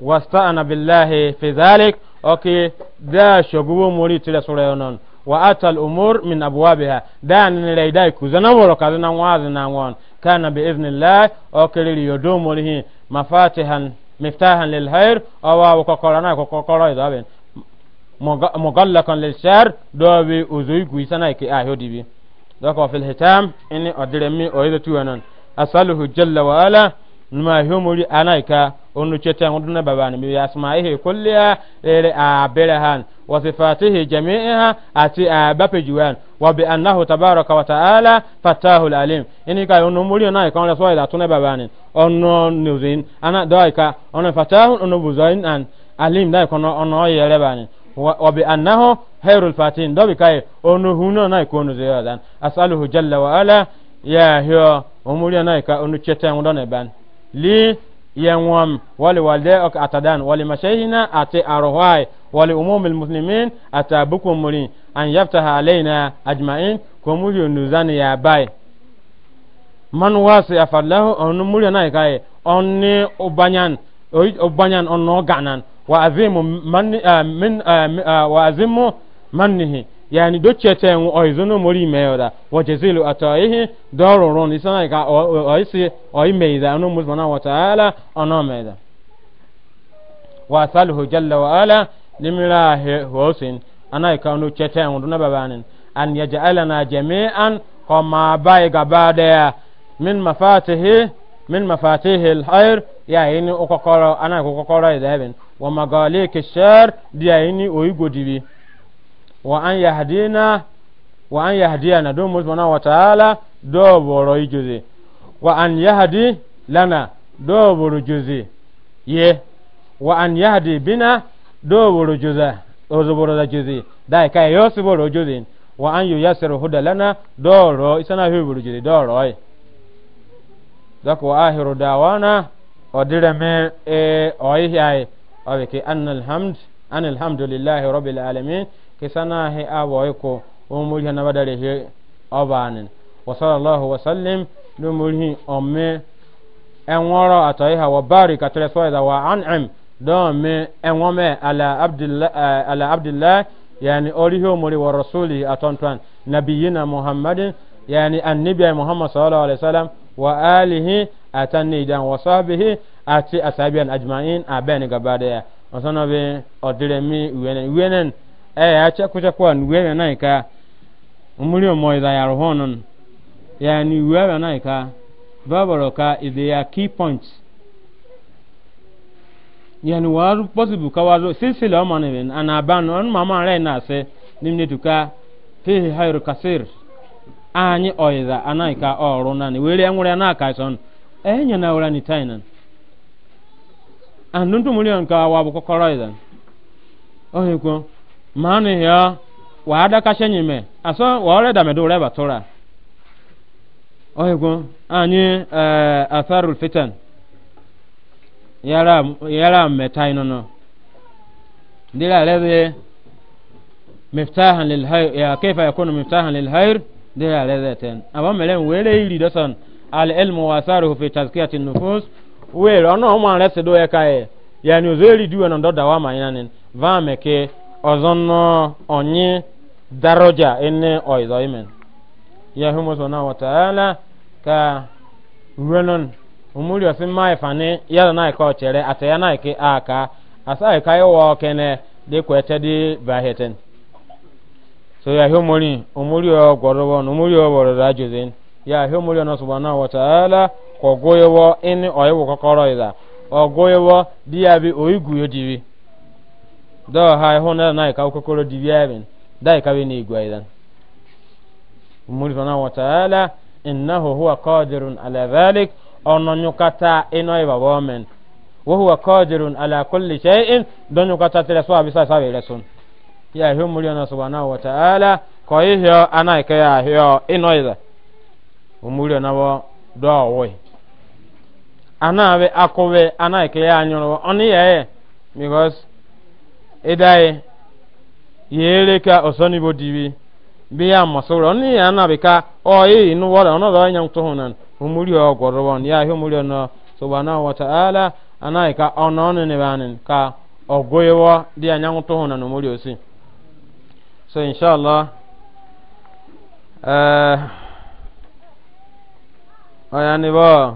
wasta'ana billahi fi dhalik okay da shogubo muri tira surayonon wa atal umur min abwabiha da ni laidai kuzana woro kazana كان بإذن الله أكرر يدوم له مفاتحا مفتاحا للخير أو وكقرنا كقرنا إذا مغلقا للشر دوبي أزوي كويسنا كي آهو دي ذاك في الهتام إني أدرمي أويدتو أسأله جل وعلا ما يومري أنايكا onu cheten oduna babani bi asma'ihi kulliha lele abirahan wa sifatihi jami'iha ati abapejuwan wa bi annahu tabaraka wa ta'ala fatahul alim ini ka onu muri na ka ona so ida tuna babani ono nuzin ana doika ono fatahul ono buzain an alim da ka ono yere bani wa bi annahu khairul fatin dobi kai onu huno na ka onu as'aluhu jalla wa ala ya hiyo umuri na ka onu cheten oduna ban li ينوم ولوالدائك أتدان ولمشيهنا أتي أرواي ولأموم المسلمين أتى بكم مرين أن يفتح علينا أجمعين كمولي نزان يا باي من واسع فضله أن مولي نايكاي أني أبانيان أبانيان أنو غانان وأزيم من من وأزيم منه yani do chete nwu oizono mori meyoda wajezilu ato ihe doro ron isana ka oisi oimeida anu muzmana wa taala ono meida wa saluhu jalla wa ala nimira hosin ana ka no chete nwu do na babanin an yaj'alana jami'an kama bai gaba daya min mafatihi min mafatihi alkhair ya yini okokoro ana okokoro idabin wa magaliki shar dia yini oigodibi wa an yahdina wa an yahdiyana do mo subhanahu wa ta'ala do boro ijuzi wa an yahdi lana do boro juzi ye wa an yahdi bina do boro juza ozo boro da juzi dai kai yo si boro juzi wa an yuyassiru huda lana do zako ahiru dawana odire me e oyi ai awike annal hamd anil hamdulillahi rabbil alamin kisana he abo ko o muri na badare he obanin wa sallallahu wa sallim do muri omme enworo atoi ha wa barika tele so da wa an'am do me enwome ala abdullah eh, ala abdullah yani orihi omuri wa rasuli atontan nabiyina muhammadin yani annabi muhammad sallallahu alaihi wasallam wa alihi atanni wa sahbihi ati asabian ajma'in abeni gabadaya osono be odire mi ee eh, acha kucha kwa nuwe ya naika umuri omoida ya rohonon ya ya naika babaro ka ide ya key points yani waru possible ka waru silsila ma ne ben ana ban on mama re na kasir anyi na ni wele enwure na aka na ura ni mani ya wa ada ka shenyi me aso wa ore da me do ba tora oyego anyi eh atharul fitan yara yara metai no no ndira lebe miftahan lil hayr ya kayfa yakunu miftahan lil hayr ndira lebe ten aba mele wele iri do son al ilmu wa atharuhu fi tazkiyati nufus wele ono o ma rese do e kai yani ozeri duwe no ndo da wa ma inanin va meke ozonno onye daraja ene oizo imen ya humo sona wa taala ka ruenon umuri osin mai fane ya na ko chere ya na ke aka asai e kai wo kene de kwete di baheten so ya humo ni umuri o gorowo umuri o woro rajuzin ya humo ni subhana wa taala ko goyewo ene oiwo kokoro ida ogoyewo diabi oiguyo diwi Dọọ ha ihu na na e ka kokoro di biaben dai ka bini gwaidan umuri sana wa ta'ala innahu huwa qadirun ala dhalik ono nyukata ino iba e bomen wa huwa qadirun ala kulli shay'in don nyukata tele so abisa sabe lesun ya na subhanahu wa ta'ala ko ana e ka ya hiyo ino ida umuri na do ana be ana ya nyoro idai nyere ka osoni bodiwi biya masoro ni ana bika o yi nu wala do nyam to hunan umuri ogoro won ya hi umuri no subhanahu wa ta'ala ana ka ono ne banin ka ogoyewo di anyam hunan umuri osi so inshallah eh uh,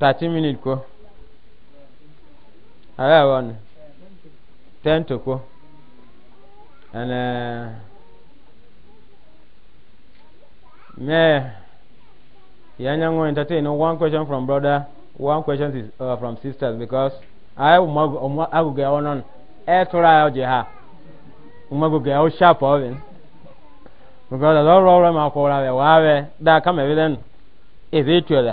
30 minutes Aya wani. Tento ko. Ana uh, me yanyango entertain one question from brother, one question is uh, from sisters because I ha. o sharp oven. Because all roll ma ko ra we Is it true?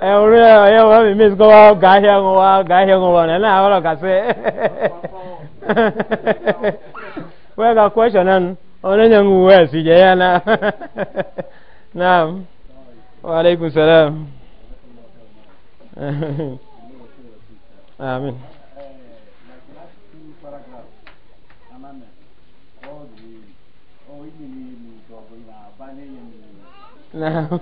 ẹ̀rọ ẹ̀yẹ wọn mi mi kọ́ wa gà ahẹ́ wọn wa gà ahẹ́ wọn wọn ẹ̀nà àwọn ọ̀kà sẹ́ wọ́n ka kwẹ́sọ̀n náà ọ̀nà yẹn ń wọ́ ẹ̀sì jẹ́ yẹn *laughs* *laughs* amin. Now.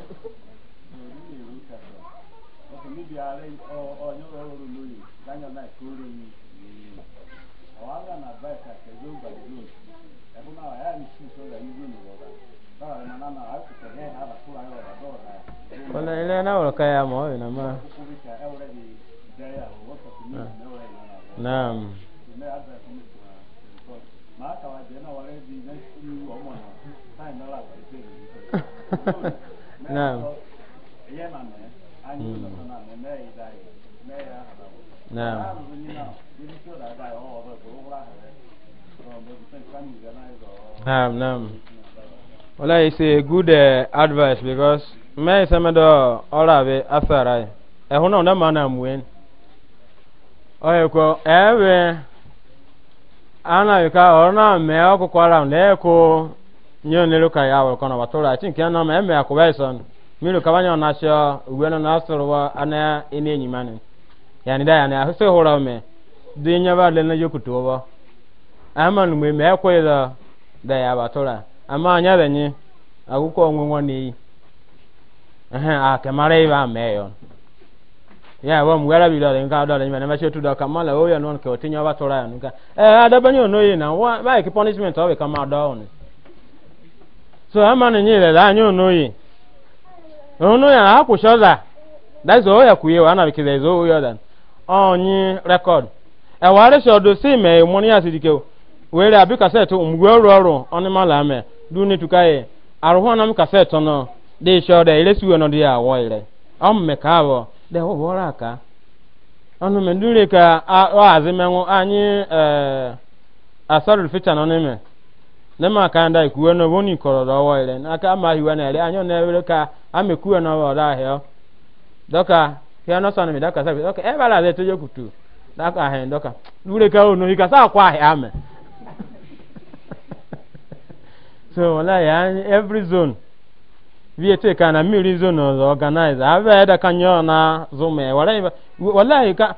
wala ile na wala kaya mo ina ma *laughs* naam naam naam naam naam well is a good uh, advice because mmee iseme do orabe asara na onda mana muen oyeko ewe ana yuka orna me okukwara ndeko nyo na yawe kono watura chinki ana me me akubaison miru kabanya onasho uwena nasorwa ana inenyi mane yani da yana hose hora me dinya ba lena yokutoba ama nume me akwela da ya batura ama anya renye aguko onwe nwa eyi. a kemare iba meyo ya wa mwera bi dole nka dole nyima nema chetu doka mala oyo non ke otinya ba tora ya nka eh adabanyo no yi na wa ba ki punishment owe kama down so ama ni nyile la nyo no yi ono ya akushoza dazo ya kuye wana bikiza zo oyo dan onyi record e ware shodo si me muni asidike were abi cassette oni mala me tukaye no de sho de ile suwe no dia wo ile on me ka wo de wo wora ka onu me dure ka me azimenwu anyi eh asarul fitan onu me ne ma ka nda ikuwe no woni koro do wo ile na ka ma hiwa na ile anyo na ile ka amekuwe no wo da he doka ya no sanu me doka sabi doka e bala de to yokutu doka he doka dure ka onu hika sa kwa he ame so wala ya every zone viete kana miri zono zo organize ave da kanyona zume wala wala ka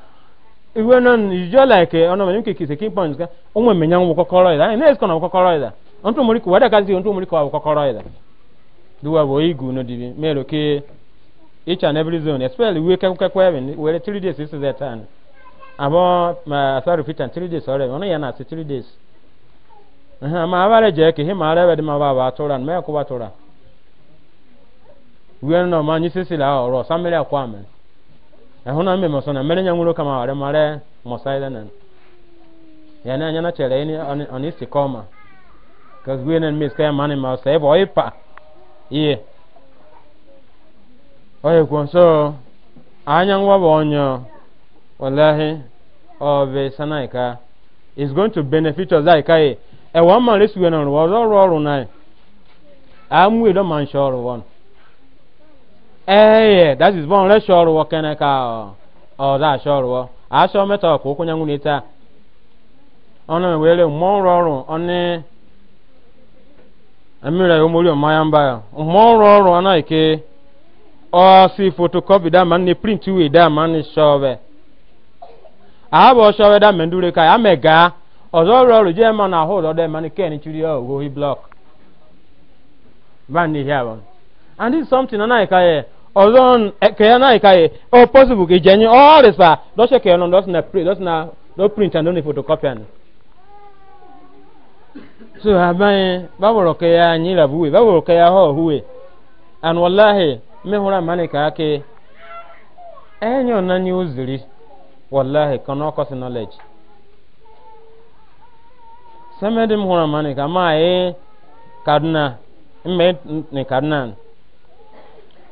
iwe non ijo like ono menyu kikise king points ka umwe menyangu kokoro ida ne esko na kokoro ida onto muri ku wada kazi onto muri ku kokoro ida duwa bo igu no divi melo ke each and every zone especially we ka ka kwa ben we 3 days is that time abo ma sorry fit and 3 days already ono yana 3 days ma avare je ke he ma rebe di ma ba ba toran me ku ba toran wiyɛn na maa nyi sisi la ɔrɔ samiri akɔ amɛ ɛhuna mi mɔsɔn na mɛri nyɛ ŋuro kama ɔrɛ ma rɛ mɔsa yi ya na nyɛna kyerɛ yi ɔni si ma kasi wiyɛn nɛ mi sikɛ mani ma sɛ ɛbɔ ɔyi pa iye so anya ŋwa bɔ ɔnyɔ walahi ɔbɛ yi ka is going to benefit us ka yi ɛwɔ ma resi na ɔrɔ ɔrɔ ɔrɔ na amu yi dɔ ma n sɔ ɔrɔ ee that is born resho ọrụwọ kene ka ọ da asho ọrụwọ asho meta ka okwu nyanwụ n'ita ọnụ were mmụọ ọrụ ọrụ ọnụ mmiri omori si ma nne print wi ma nne show ahụ ọshọve da mendure ka ya mega ọzọ ọrụ ọrụ jee na ahụ ụlọ dị ma nne ken chiri ọgụ hi blọk and this is something anaghị oh, i ọzọ kẹyà náà ìka yìí ọ pọsibù kì í ọ rẹsà lọsẹ kẹyà náà náà náà print and only photocopy and. so abayin báwòrò kẹyà nyi làbúwe báwòrò kẹyà họ òhúwe and wàláhì mẹhùrà mánì kàákì ẹyìn ọ̀nà ni ó zìrì wàláhì kan náà kọ́sí knowledge. sẹ́mẹ́dì mẹhùrà mánì kà máa kaduna mẹ́ kaduna.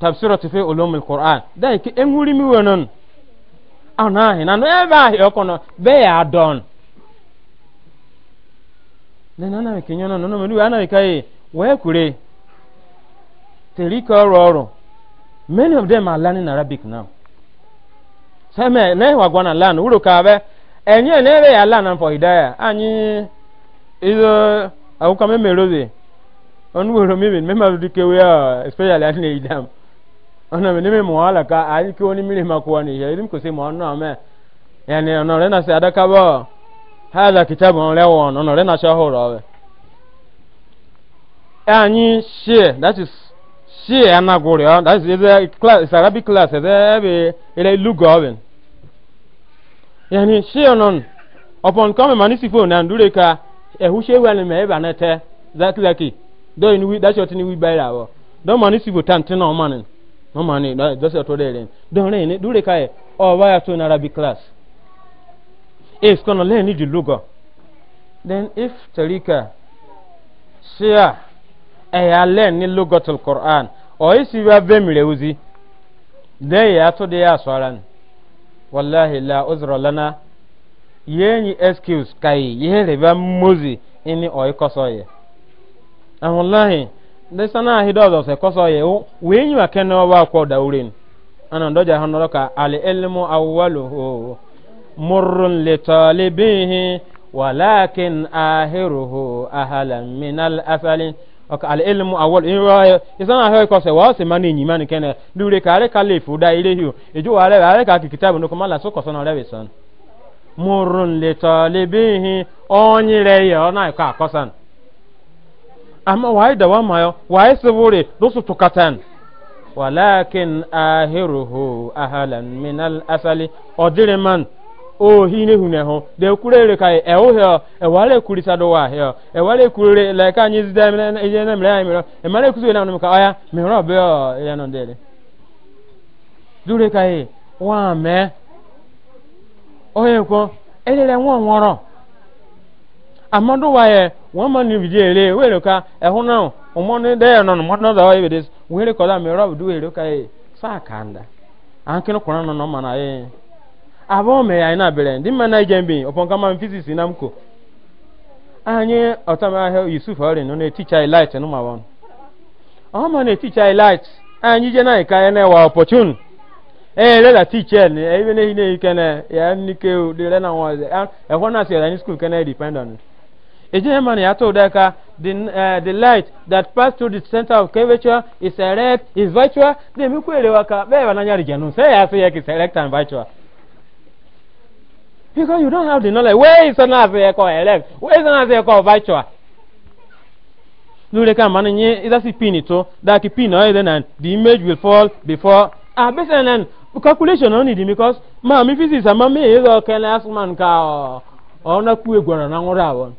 tafsiratu fi ulumul qur'an dai ki enwuri mi wonon ana hi na no ebe ahi okono be ya don ne na na ki nyono no no mi ana kai we kure terika oro oro many of them are learning arabic now seme ne wa gwana lan uru ka be enye ne be ya lan for hidaya anyi izo awuka me meroze onu wero mi me ma dikewe especially ani idam ona mene me muhala ka ali ki oni mili makuwa ni ya ilim kusi mo ana me yani ono rena se adaka ba hala kitabu on lewo on ono rena shahoro we anyi she that is she anagore on oh, that is a class is arabic class there be ile lugo oven yani she onon upon come manisi phone and dure ka ehushe wani me eba na te zaki zaki do in we that shot ni we by lawo oh. do manisi phone tantin on manin normally don't learn do they kai or oh, why to an arabic class it's gonna learn the logo then if tarika shia aya eh, learn ni logo quran to wallahi la uzra lana yenyi excuse kai ba mozi ini and ndị sana ahịdọ ọzọ sị kọsọ ya wee nyi ake na ọwa akwọ daurin ana ndoja ha nọrọ ka ali ilmu awwalu ho murrun li talibihi walakin ahiruhu ahalan min al asali ok al ilmu awwal in wa isana ahịdọ kọ sị wa sị ma ni nyima ni kene dure ka ale kalifu da ile hiu eju wa ale ka kitabu nuko mala so kọsọ na rebeson murrun li talibihi onyi re ọ na-akọ akosan amma waye da wamayo waye sabore su tukatan walakin ahiruhu ahalan min al-asali odiriman o hine hune ho de kurere kai e o he e wale kurisa do wa he e wale kurere la ka nyi zida na ije na mi ro e mare kuzu na aya mi ro be o ya no dele dure kai wa me o he ko le won amadu waye wọn ni ere wẹrẹ ka ẹhun náà nọ mọ náà dọwọ were wẹrẹ kọdà mi rọb du wẹrẹ ka yẹ sáà kànda nọ nọmọ náà yẹ abọ́ mẹ yà iná bẹrẹ ndí mma náà jẹun bẹyìn ọ̀pọ̀ nǹkan máa physics anyị ọtọm yusuf ọrịa nọ na-eticha light nụ ma ọma na-eticha e light anyị je na e ka na ee ebe na na Ejima ni ato deka the uh, the light that pass through the center of curvature is erect is virtual de mi kuelewa ka be wananyari jenu say ya say is erect and virtual because you don't have the knowledge where is na say called erect where is na say called virtual lure ka man nyi is asi pin ito that pin oil then the image will fall before ah based on calculation only because ma mi physics ma me is okay last man ka ona oh, oh, ku egwara na ngora awon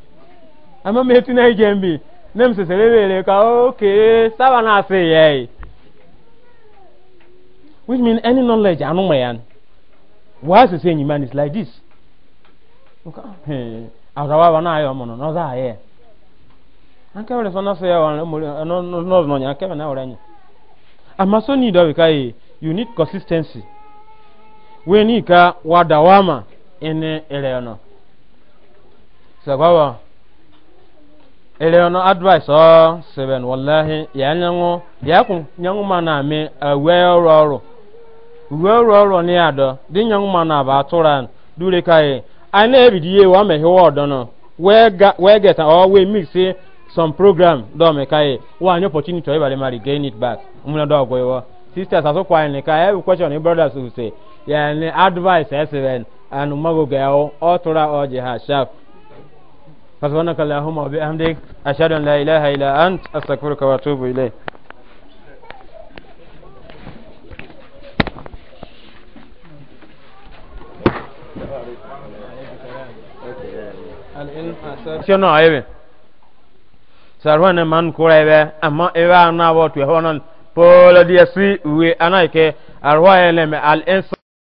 ama mi etu na ije mbi ne m sesere were ka oke saba na asị ya which means any knowledge anụ ma ya wa sese enyi man is like this azawa ba na ayo mono no za aye anke wele sona se ya wa no no no nya ke na wele nya ama so ni do kai you need consistency we ni ka wadawama ene ele no sabawa so, ele advice ọ oh, seven wallahi ya nyango ya ku nyango na me eh, awe ọrụ ọrụ uwe oro oro ni ado di nyango mana ba aturan dure kai ana ebidiye wa me hewa odo no we ga we get o oh, we mix eh, some program do me kai wa any opportunity to oh, ibale marry gain it back umuna do go yo sisters aso kwa ni kai every question brothers who say ya ni advice eh, seven and umago ga o otura oje ha sharp فسبحانك اللهم وبحمدك أشهد أن لا إله إلا أنت أستغفرك وأتوب إليك Sọ́nà ayébẹ̀. Sàrúwà ní màá nkúrẹ́ ẹ̀bẹ̀ àmọ́ ẹ̀bẹ̀ àná àwọ̀ tó ẹ̀họ́ náà pọ́ọ́lọ́dí ẹ̀sí ìwé anáyíkẹ́ àrùwá yẹn lẹ́mẹ̀ àlẹ́